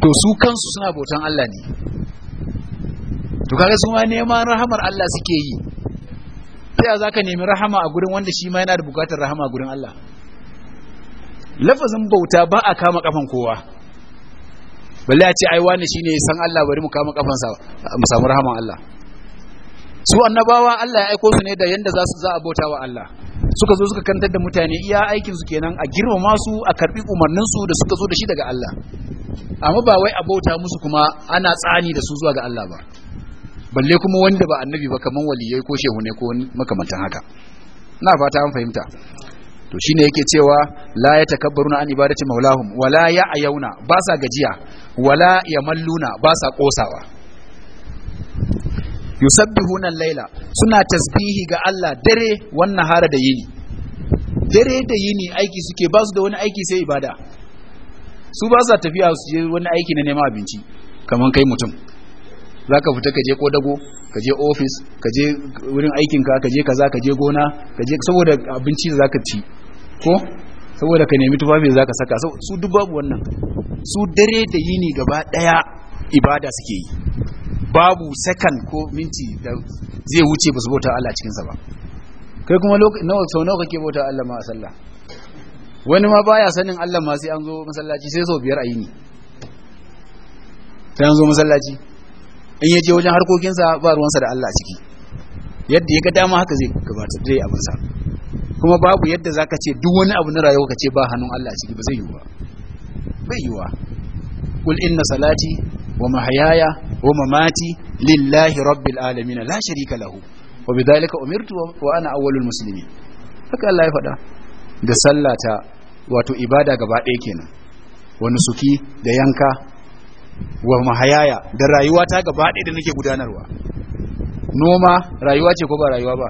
to su kansu suna bautan Allah ne to kaga su ma neman rahamar Allah suke yi ta za ka nemi rahama a gurin wanda shi ma yana da bukatar rahama a gurin Allah lafazin bauta ba a kama kafan kowa balle a ce ai wani shine san Allah bari mu kama sa mu samu rahaman Allah su annabawa Allah ya aiko su ne da yanda za su za a bauta wa Allah suka zo suka kantar da mutane iya aikin su kenan a girmama su a karbi umarnin su da suka zo da shi daga Allah amma ba wai a bauta musu kuma ana tsani da su zuwa ga Allah ba balle kuma wanda ba annabi ba kaman waliyai ko shehu ne ko makamantan haka na fata an fahimta to shine yake cewa la ya takabbaruna an ibadati maulahum wala ya ayauna ba sa gajiya wala ya malluna ba sa kosawa yusabbihuna al-laila suna tasbihi ga Allah dare wannan hara da yini dare da yini aiki suke ba su da wani aiki sai ibada su ba sa tafiya su je wani aiki na neman abinci kaman kai mutum za ka fita ka je kodago ka je ofis ka je wurin aikinka ka je kaza ka je gona ka je saboda abinci za ka ci ko saboda ka nemi tufafi za ka saka su duk babu wannan su dare da yini gaba daya ibada suke yi babu second ko minti da zai wuce ba su bauta Allah cikinsa ba kai kuma nawa sau nawa kake bauta Allah ma a sallah wani ma baya sanin Allah ma sai an zo masallaci sai sau biyar a yini sai an zo masallaci in ya je wajen harkokinsa ba ruwansa da Allah a ciki yadda ya ga dama haka zai gabatar da abinsa kuma babu yadda zaka ce duk wani abu na rayuwa ka ce ba hannun Allah ciki ba zai yi ba bai yi wa kul inna salati wa mahayaya wa mamati lillahi rabbil alamin la sharika lahu wa bidhalika umirtu wa ana awwalul muslimin haka Allah ya faɗa da sallata wato ibada gaba ɗaya kenan wani suki da yanka wa mahayaya da rayuwa ta gaba ɗaya da nake gudanarwa noma rayuwa ce ko ba rayuwa ba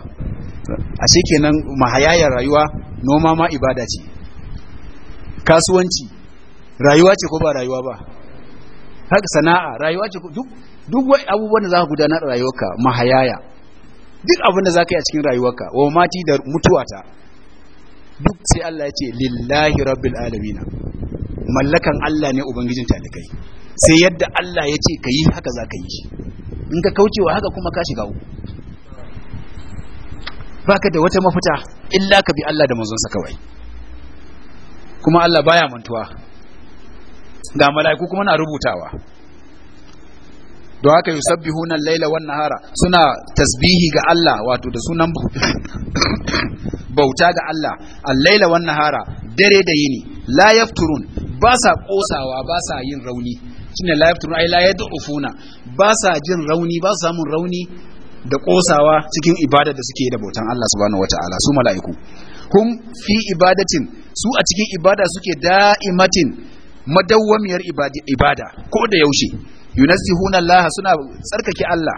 a kenan mahayaya rayuwa noma ma ibada ce kasuwanci rayuwa ce ko ba rayuwa ba haka sana'a rayuwa ce duk duk wai abubuwan da za ka gudanar rayuwarka mahayaya duk abin da za ka yi a cikin rayuwarka wa mati da mutuwata duk sai Allah ya ce lillahi rabbil alamin mallakan Allah ne ubangijin talikai sai yadda Allah ya ce ka yi haka za ka yi shi in ka kauce wa haka kuma ka shiga uku ka da wata mafita illa ka bi Allah da manzonsa kawai kuma Allah baya mantuwa ga mala'iku kuma na rubutawa don haka yusabbihuna al-laila wan nahara suna tasbihi ga Allah wato da sunan bauta ga Allah al-laila wan nahara dare da yini la yafturun ba sa kosawa ba sa yin rauni shine la yafturuna ai la yad'ufuna ba sa jin rauni ba sa samun rauni da kosawa cikin ibada da suke da bautan Allah subhanahu wataala su mala'iku hum fi ibadatin su a cikin ibada suke da'imatin madawwamiyar ibada ko da yaushe yunasihuna Allah suna tsarkake Allah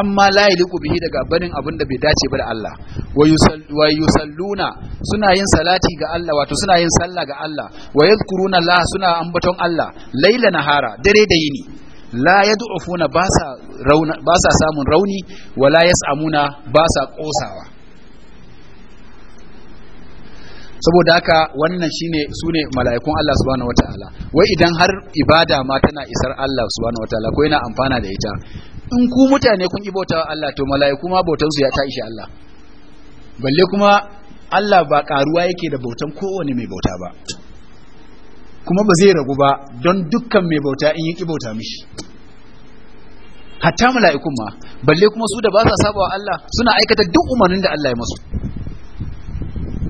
amma la yaliqu bihi daga barin abin da bai dace ba da Allah wa yusalluna suna yin salati ga Allah wato suna yin sallah ga Allah wa yadhkuruna Allah suna ambaton Allah laila nahara dare da yini la yad'ufuna ba sa rauna ba sa samun rauni wala yas'amuna ba sa kosawa saboda haka wannan shine sune mala'ikun Allah subhanahu wataala wai idan har ibada ma tana isar Allah subhanahu wataala ko yana amfana da ita in ku mutane kun ki bauta Allah to mala'iku ma bautansu su ya ta ishe Allah balle kuma Allah ba karuwa yake da bautan kowane mai bauta ba kuma ba zai ragu ba don dukkan mai bauta in yi ki bauta mishi hatta mala'ikun ma balle kuma su da ba sa sabawa Allah suna aikata duk umarnin da Allah ya masu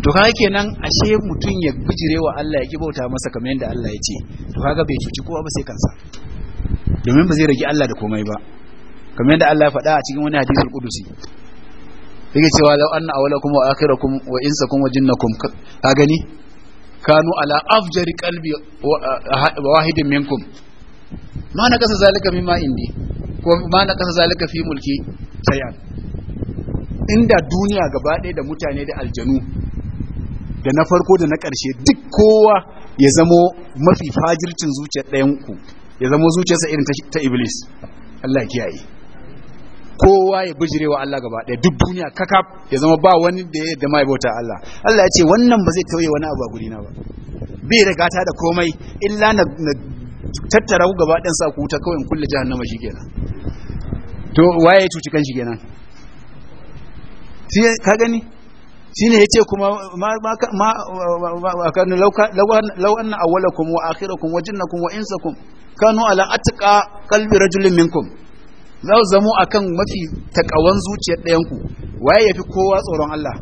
to kaga kenan ashe mutum ya bijire wa Allah ya kibauta masa kamar yadda Allah ya ce to kaga bai cuci kowa ba sai kansa domin ba zai rage Allah da komai ba kamar yadda Allah ya faɗa a cikin wani hadisul qudusi yake cewa law anna awalakum wa akhirakum wa insakum wa jinnakum ka gani kanu ala afjari qalbi wa wahidin minkum ma na kasa zalika mimma indi ko ma na kasa zalika fi mulki sayan inda duniya gaba ɗaya da mutane da aljanu da na farko da na ƙarshe duk kowa ya zamo mafi fajircin zuciyar ɗayan ku ya zamo zuciyarsa irin ta iblis Allah kiyaye kowa ya bijire wa Allah gaba ɗaya duk duniya kakaf ya zama ba wani da ya dama ya bauta Allah Allah ya ce wannan ba zai tauye wani abu a gurina ba bai riga ta da komai illa na tattara ku gaba ɗan sa ku ta kawai in kulle jahannama kenan to waye ya cuci kan shi kenan shi ka gani ya ce kuma ma ma ma kan law anna awwalakum wa akhirakum wa jinnakum wa insakum kanu ala atqa qalbi rajulin minkum za su zamo a kan mafi takawan zuciyar ɗayanku waye ya fi kowa tsoron Allah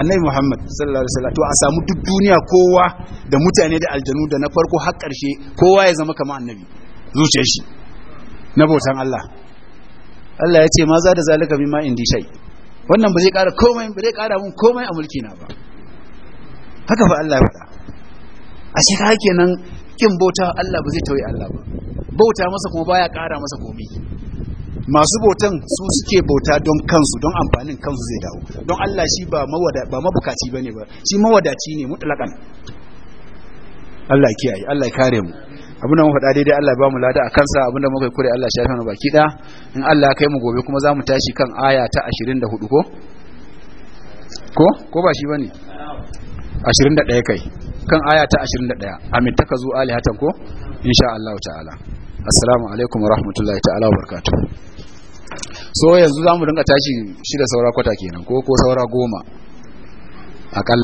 annabi Muhammad sallallahu alaihi wasallam to a samu duk duniya kowa da mutane da aljanu da na farko har ƙarshe kowa ya zama kamar annabi zuciyar shi na bautan Allah Allah ya ce ma za da zalika mimma indi shay wannan ba zai ƙara komai ba zai ƙara mun komai a mulki na ba haka fa Allah ya faɗa a shi kenan haƙƙin bauta Allah ba zai tauye Allah ba bauta masa kuma baya ƙara masa komai masu bautan su suke bauta don kansu don amfanin kansu zai dawo don Allah shi ba mawada ba mabukaci bane ba shi mawadaci ne mutlaqan Allah kiyaye Allah ya kare mu abinda mun faɗa daidai Allah ba mu lada a kansa abinda muka yi kure Allah shafe mu baki da in Allah kai mu gobe kuma za mu tashi kan aya ta 24 ko ko ko ba shi bane 21 kai kan aya ta 21 amin ka zu alihatan ko insha Allah ta'ala assalamu alaikum rahmatullahi ta'ala wabarakatuh so yanzu za mu dinga tashi shida saura kwata kenan ko ko saura goma akalla